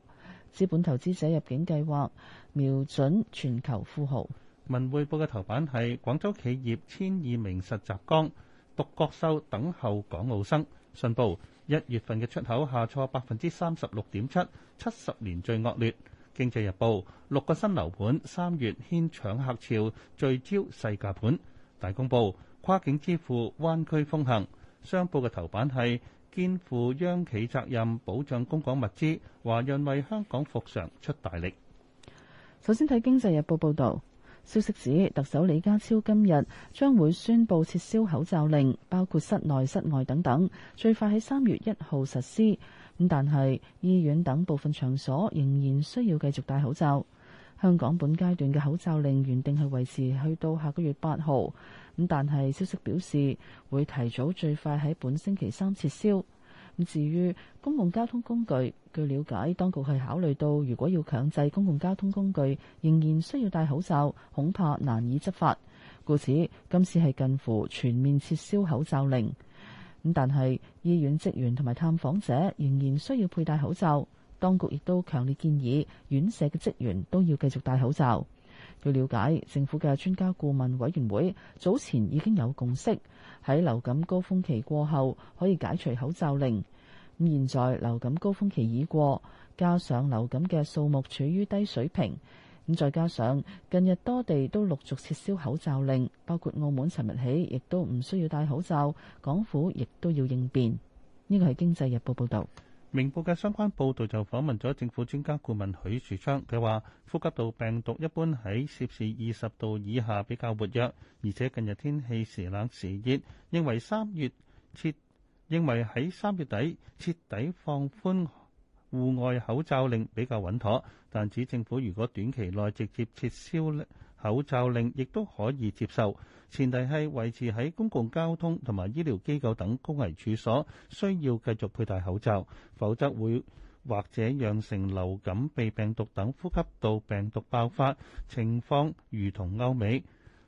資本投資者入境計劃瞄準全球富豪。文匯報嘅頭版係廣州企業千二名實習崗，獨角獸等候港澳生。信報，一月份嘅出口下挫百分之三十六點七，七十年最惡劣。經濟日報，六個新樓盤三月牽搶客潮，聚焦細價盤。大公報，跨境支付灣區風行。商報嘅頭版係肩負央企責任，保障公港物資，華潤為香港復常出大力。首先睇經濟日報報導。消息指，特首李家超今日將會宣布撤銷口罩令，包括室內、室外等等，最快喺三月一號實施。咁但係醫院等部分場所仍然需要繼續戴口罩。香港本階段嘅口罩令原定係維持去到下個月八號，咁但係消息表示會提早，最快喺本星期三撤銷。至於公共交通工具，據了解，當局係考慮到如果要強制公共交通工具仍然需要戴口罩，恐怕難以執法，故此今次係近乎全面撤銷口罩令。咁但係醫院職員同埋探訪者仍然需要佩戴口罩，當局亦都強烈建議院舍嘅職員都要繼續戴口罩。據了解，政府嘅專家顧問委員會早前已經有共識。喺流感高峰期過後，可以解除口罩令。咁現在流感高峰期已過，加上流感嘅數目處於低水平，咁再加上近日多地都陸續撤銷口罩令，包括澳門尋日起亦都唔需要戴口罩，港府亦都要應變。呢個係《經濟日報》報道。明報嘅相關報導就訪問咗政府專家顧問許樹昌，佢話：呼吸道病毒一般喺攝氏二十度以下比較活躍，而且近日天氣時冷時熱，認為三月徹認為喺三月底徹底放寬戶外口罩令比較穩妥，但指政府如果短期內直接撤銷口罩令亦都可以接受，前提係維持喺公共交通同埋醫療機構等高危處所需要繼續佩戴口罩，否則會或者釀成流感、鼻病毒等呼吸道病毒爆發情況，如同歐美。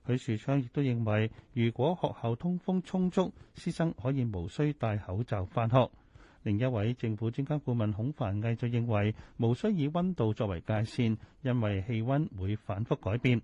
許樹昌亦都認為，如果學校通風充足，師生可以無需戴口罩返學。另一位政府專家顧問孔繁毅就認為，無需以温度作為界線，因為氣温會反覆改變。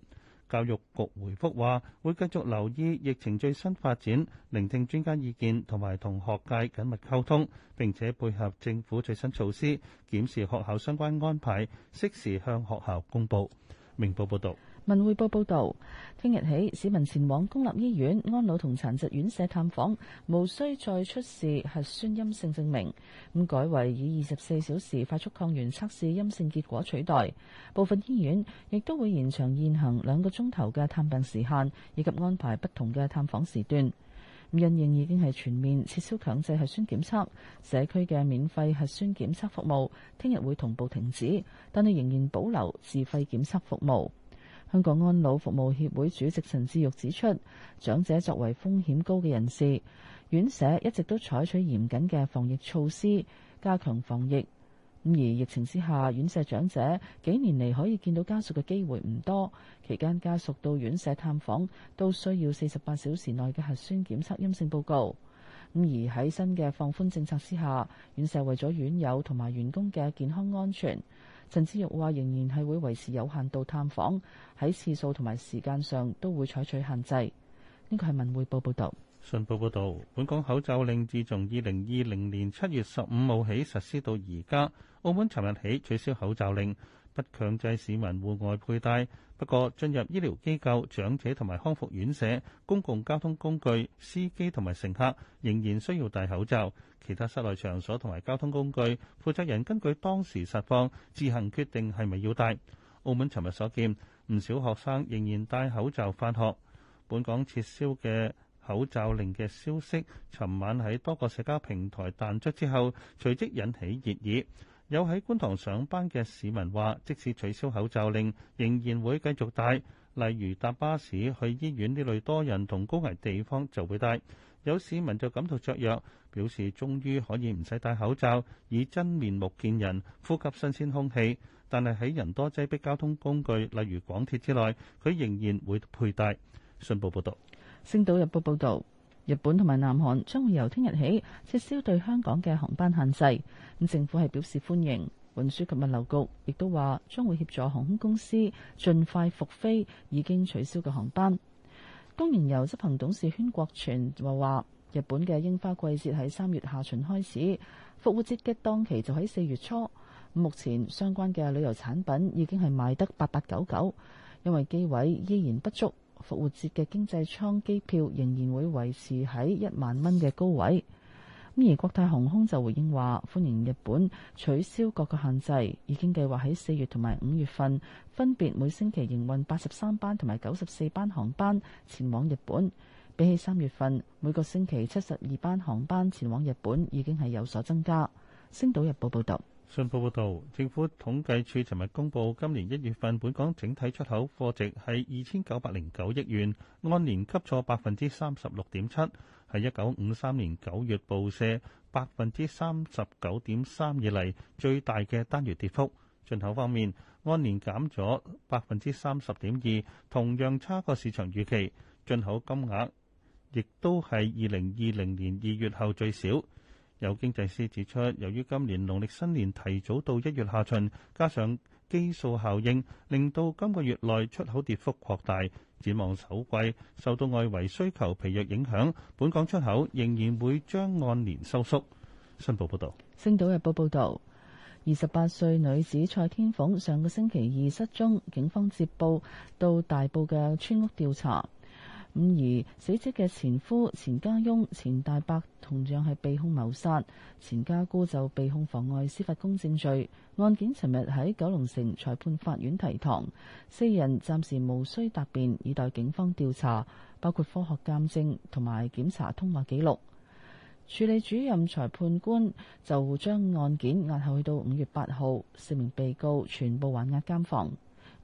教育局回覆話會繼續留意疫情最新發展，聆聽專家意見同埋同學界緊密溝通，並且配合政府最新措施，檢視學校相關安排，適時向學校公布。明報報道。文匯報報道，聽日起，市民前往公立醫院、安老同殘疾院舍探訪，無需再出示核酸陰性證明，咁改為以二十四小時快速抗原測試陰性結果取代。部分醫院亦都會延長現行兩個鐘頭嘅探病時限，以及安排不同嘅探訪時段。咁，因應已經係全面撤銷強制核酸檢測，社區嘅免費核酸檢測服務聽日會同步停止，但係仍然保留自費檢測服務。香港安老服務協會主席陳志玉指出，長者作為風險高嘅人士，院舍一直都採取嚴謹嘅防疫措施，加強防疫。咁而疫情之下，院舍長者幾年嚟可以見到家屬嘅機會唔多，期間家屬到院舍探訪都需要四十八小時內嘅核酸檢測陰性報告。咁而喺新嘅放寬政策之下，院舍為咗院友同埋員工嘅健康安全。陳志玉話：仍然係會維持有限度探訪，喺次數同埋時間上都會採取限制。呢個係文匯報報導。信報報導，本港口罩令自從二零二零年七月十五號起實施到而家，澳門尋日起取消口罩令，不強制市民戶外佩戴。不過，進入醫療機構、長者同埋康復院舍、公共交通工具、司機同埋乘客仍然需要戴口罩。其他室內場所同埋交通工具，負責人根據當時實況自行決定係咪要戴。澳門尋日所見，唔少學生仍然戴口罩返學。本港撤銷嘅口罩令嘅消息，尋晚喺多個社交平台彈出之後，隨即引起熱議。有喺觀塘上班嘅市民話，即使取消口罩令，仍然會繼續戴，例如搭巴士去醫院呢類多人同高危地方就會戴。有市民就感到雀躍。表示終於可以唔使戴口罩，以真面目見人，呼吸新鮮空氣。但係喺人多擠迫交通工具，例如港鐵之內，佢仍然會佩戴。信報報導，《星島日報》報道，日本同埋南韓將會由聽日起撤銷對香港嘅航班限制。咁政府係表示歡迎，運輸及物流局亦都話將會協助航空公司盡快復飛已經取消嘅航班。工銀由執行董事圈國全就話。日本嘅櫻花季節喺三月下旬開始，復活節嘅當期就喺四月初。目前相關嘅旅遊產品已經係賣得八八九九，因為機位依然不足。復活節嘅經濟艙機票仍然會維持喺一萬蚊嘅高位。而國泰航空就回應話，歡迎日本取消各個限制，已經計劃喺四月同埋五月份分別每星期營運八十三班同埋九十四班航班前往日本。比起三月份，每個星期七十二班航班前往日本已經係有所增加。星島日報報道，信報報道，政府統計處尋日公布今年一月份本港整體出口貨值係二千九百零九億元，按年急挫百分之三十六點七，係一九五三年九月報社百分之三十九點三以嚟，最大嘅單月跌幅。進口方面，按年減咗百分之三十點二，同樣差過市場預期，進口金額。亦都係二零二零年二月後最少。有經濟師指出，由於今年農曆新年提早到一月下旬，加上基數效應，令到今個月內出口跌幅擴大。展望首季，受到外圍需求疲弱影響，本港出口仍然會將按年收縮。新報報導，《星島日報》報導，二十八歲女子蔡天鳳上個星期二失蹤，警方接報到大埔嘅村屋調查。咁而死者嘅前夫、前家翁、前大伯，同樣係被控謀殺；前家姑就被控妨礙司法公正罪。案件尋日喺九龍城裁判法院提堂，四人暫時無需答辯，以待警方調查，包括科學鑑證同埋檢查通話記錄。處理主任裁判官就將案件押後去到五月八號，四名被告全部還押監房。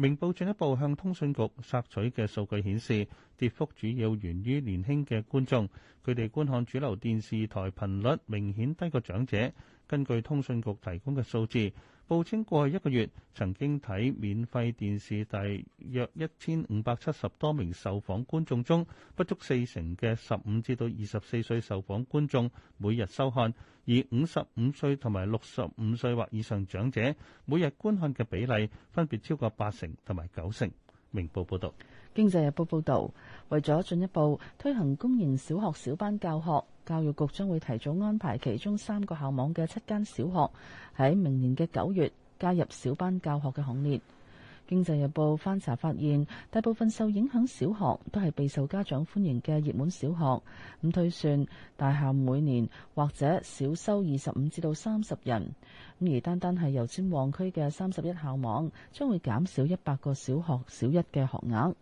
明報進一步向通訊局索取嘅數據顯示，跌幅主要源於年輕嘅觀眾，佢哋觀看主流電視台頻率明顯低過長者。根據通訊局提供嘅數字。報稱過去一個月曾經睇免費電視，大約一千五百七十多名受訪觀眾中，不足四成嘅十五至到二十四歲受訪觀眾每日收看，而五十五歲同埋六十五歲或以上長者每日觀看嘅比例分別超過八成同埋九成。明報報道。《經濟日報》報道，為咗進一步推行公營小學小班教學。教育局將會提早安排其中三個校網嘅七間小學喺明年嘅九月加入小班教學嘅行列。經濟日報翻查發現，大部分受影響小學都係備受家長歡迎嘅熱門小學。咁推算，大校每年或者少收二十五至到三十人。咁而單單係油尖旺區嘅三十一校網，將會減少一百個小學小一嘅學額。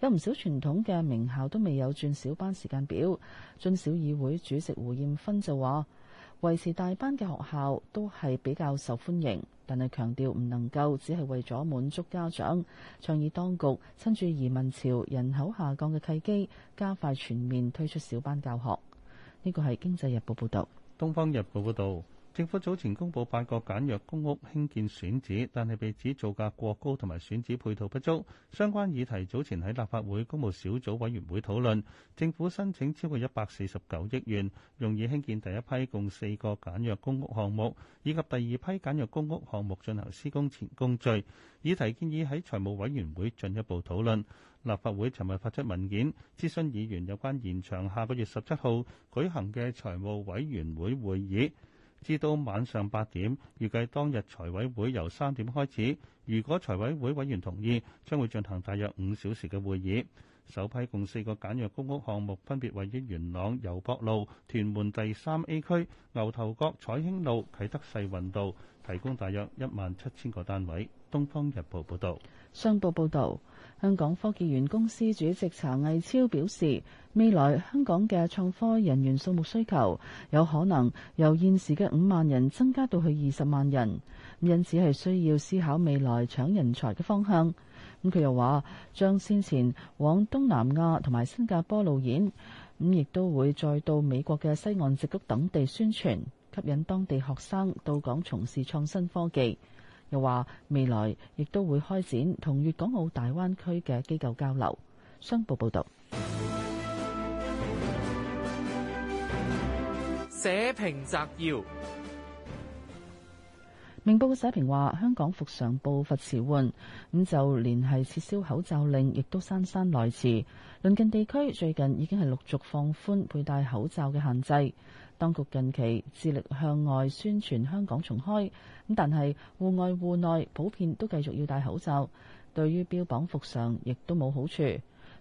有唔少傳統嘅名校都未有轉小班時間表。進小議會主席胡艷芬就話：維持大班嘅學校都係比較受歡迎，但係強調唔能夠只係為咗滿足家長，倡議當局趁住移民潮、人口下降嘅契機，加快全面推出小班教學。呢個係《經濟日報》報導，《東方日報》報道。政府早前公布八個簡約公屋興建選址，但係被指造價過高同埋選址配套不足。相關議題早前喺立法會公務小組委員會討論，政府申請超過一百四十九億元，用以興建第一批共四個簡約公屋項目，以及第二批簡約公屋項目進行施工前工序。議題建議喺財務委員會進一步討論。立法會尋日發出文件，諮詢議員有關延長下個月十七號舉行嘅財務委員會會議至到晚上八點，預計當日財委會由三點開始。如果財委會委員同意，將會進行大約五小時嘅會議。首批共四個簡約公屋項目，分別位於元朗油博路、屯門第三 A 區、牛頭角彩興路、啟德世運道，提供大約一萬七千個單位。《東方日報》報道。《商報》報道。香港科技園公司主席查毅超表示，未來香港嘅創科人員數目需求有可能由現時嘅五萬人增加到去二十萬人，因此係需要思考未來搶人才嘅方向。咁、嗯、佢又話，將先前往東南亞同埋新加坡路演，咁、嗯、亦都會再到美國嘅西岸直谷等地宣傳，吸引當地學生到港從事創新科技。又話未來亦都會開展同粵港澳大灣區嘅機構交流。商報報道社評摘要：明報社評話，香港復常步伐遲緩，咁就連係撤銷口罩令，亦都姍姍來遲。鄰近地區最近已經係陸續放寬佩戴口罩嘅限制。當局近期致力向外宣傳香港重開，咁但係戶外戶內普遍都繼續要戴口罩，對於標榜復常亦都冇好處。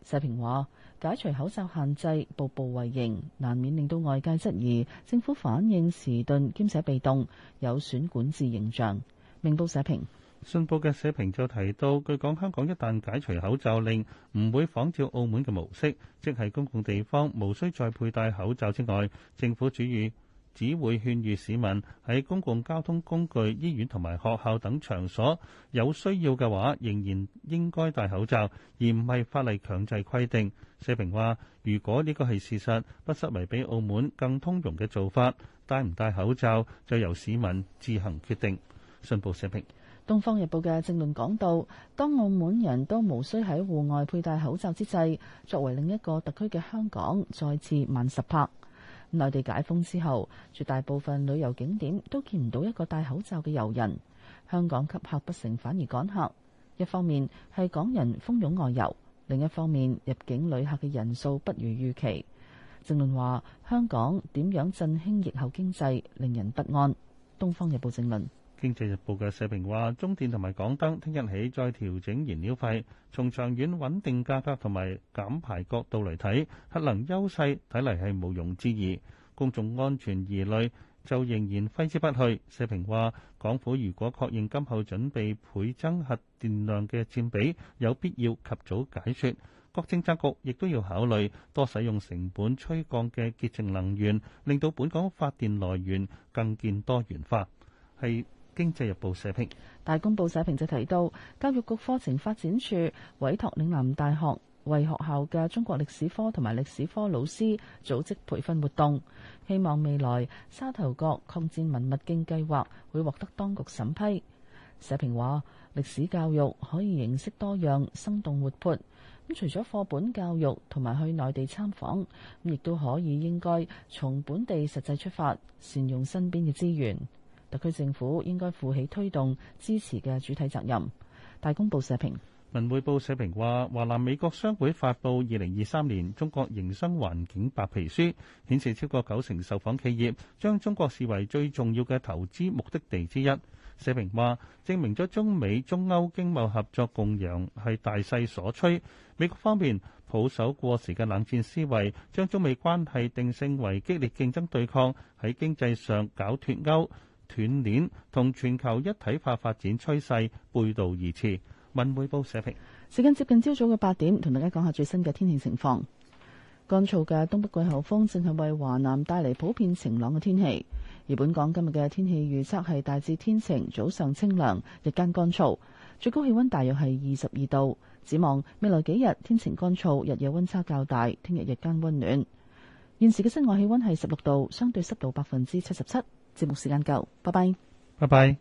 社評話，解除口罩限制步步為營，難免令到外界質疑政府反應遲鈍兼且被動，有損管治形象。明報社評。信報嘅社評就提到，據講香港一旦解除口罩令，唔會仿照澳門嘅模式，即係公共地方無需再佩戴口罩之外，政府主語只會勸喻市民喺公共交通工具、醫院同埋學校等場所有需要嘅話，仍然應該戴口罩，而唔係法例強制規定。社評話：如果呢個係事實，不失為比澳門更通融嘅做法。戴唔戴口罩就由市民自行決定。信報社評。《東方日報》嘅政論講到，當澳門人都無需喺戶外佩戴口罩之際，作為另一個特區嘅香港，再次慢十拍。內地解封之後，絕大部分旅遊景點都見唔到一個戴口罩嘅遊人。香港吸客不成，反而趕客。一方面係港人蜂擁外遊，另一方面入境旅客嘅人數不如預期。政論話：香港點樣振興疫後經濟，令人不安。《東方日報》政論。《經濟日報》嘅社評話：中電同埋港燈聽日起再調整燃料費，從長遠穩定價格同埋減排角度嚟睇，核能優勢睇嚟係毋庸置疑。公眾安全疑慮就仍然揮之不去。社評話：港府如果確認今後準備倍增核電量嘅佔比，有必要及早解決。各政策局亦都要考慮多使用成本趨降嘅潔淨能源，令到本港發電來源更見多元化。係。《經濟日報》社評。大公報社評就提到，教育局課程發展處委託嶺南大學為學校嘅中國歷史科同埋歷史科老師組織培訓活動，希望未來沙頭角抗戰文物徑計劃會獲得當局審批。社評話：歷史教育可以形式多樣、生動活潑。咁除咗課本教育同埋去內地參訪，亦都可以應該從本地實際出發，善用身邊嘅資源。特區政府應該負起推動支持嘅主體責任。大公報社評文匯報社評話，華南美國商會發布《二零二三年中國營生環境白皮書》，顯示超過九成受訪企業將中國視為最重要嘅投資目的地之一。社評話，證明咗中美、中歐經貿合作共贏係大勢所趨。美國方面抱守過時嘅冷戰思維，將中美關係定性為激烈競爭對抗，喺經濟上搞脫鉤。斷鏈同全球一體化發展趨勢背道而馳。文匯報社評。時間接近朝早嘅八點，同大家講下最新嘅天氣情況。乾燥嘅東北季候風正係為華南帶嚟普遍晴朗嘅天氣，而本港今日嘅天氣預測係大致天晴，早上清涼，日間乾燥，最高氣温大約係二十二度。展望未來幾日天晴乾燥，日夜温差較大，聽日日間温暖。現時嘅室外氣温係十六度，相對濕度百分之七十七。節目時間夠，拜拜，拜拜。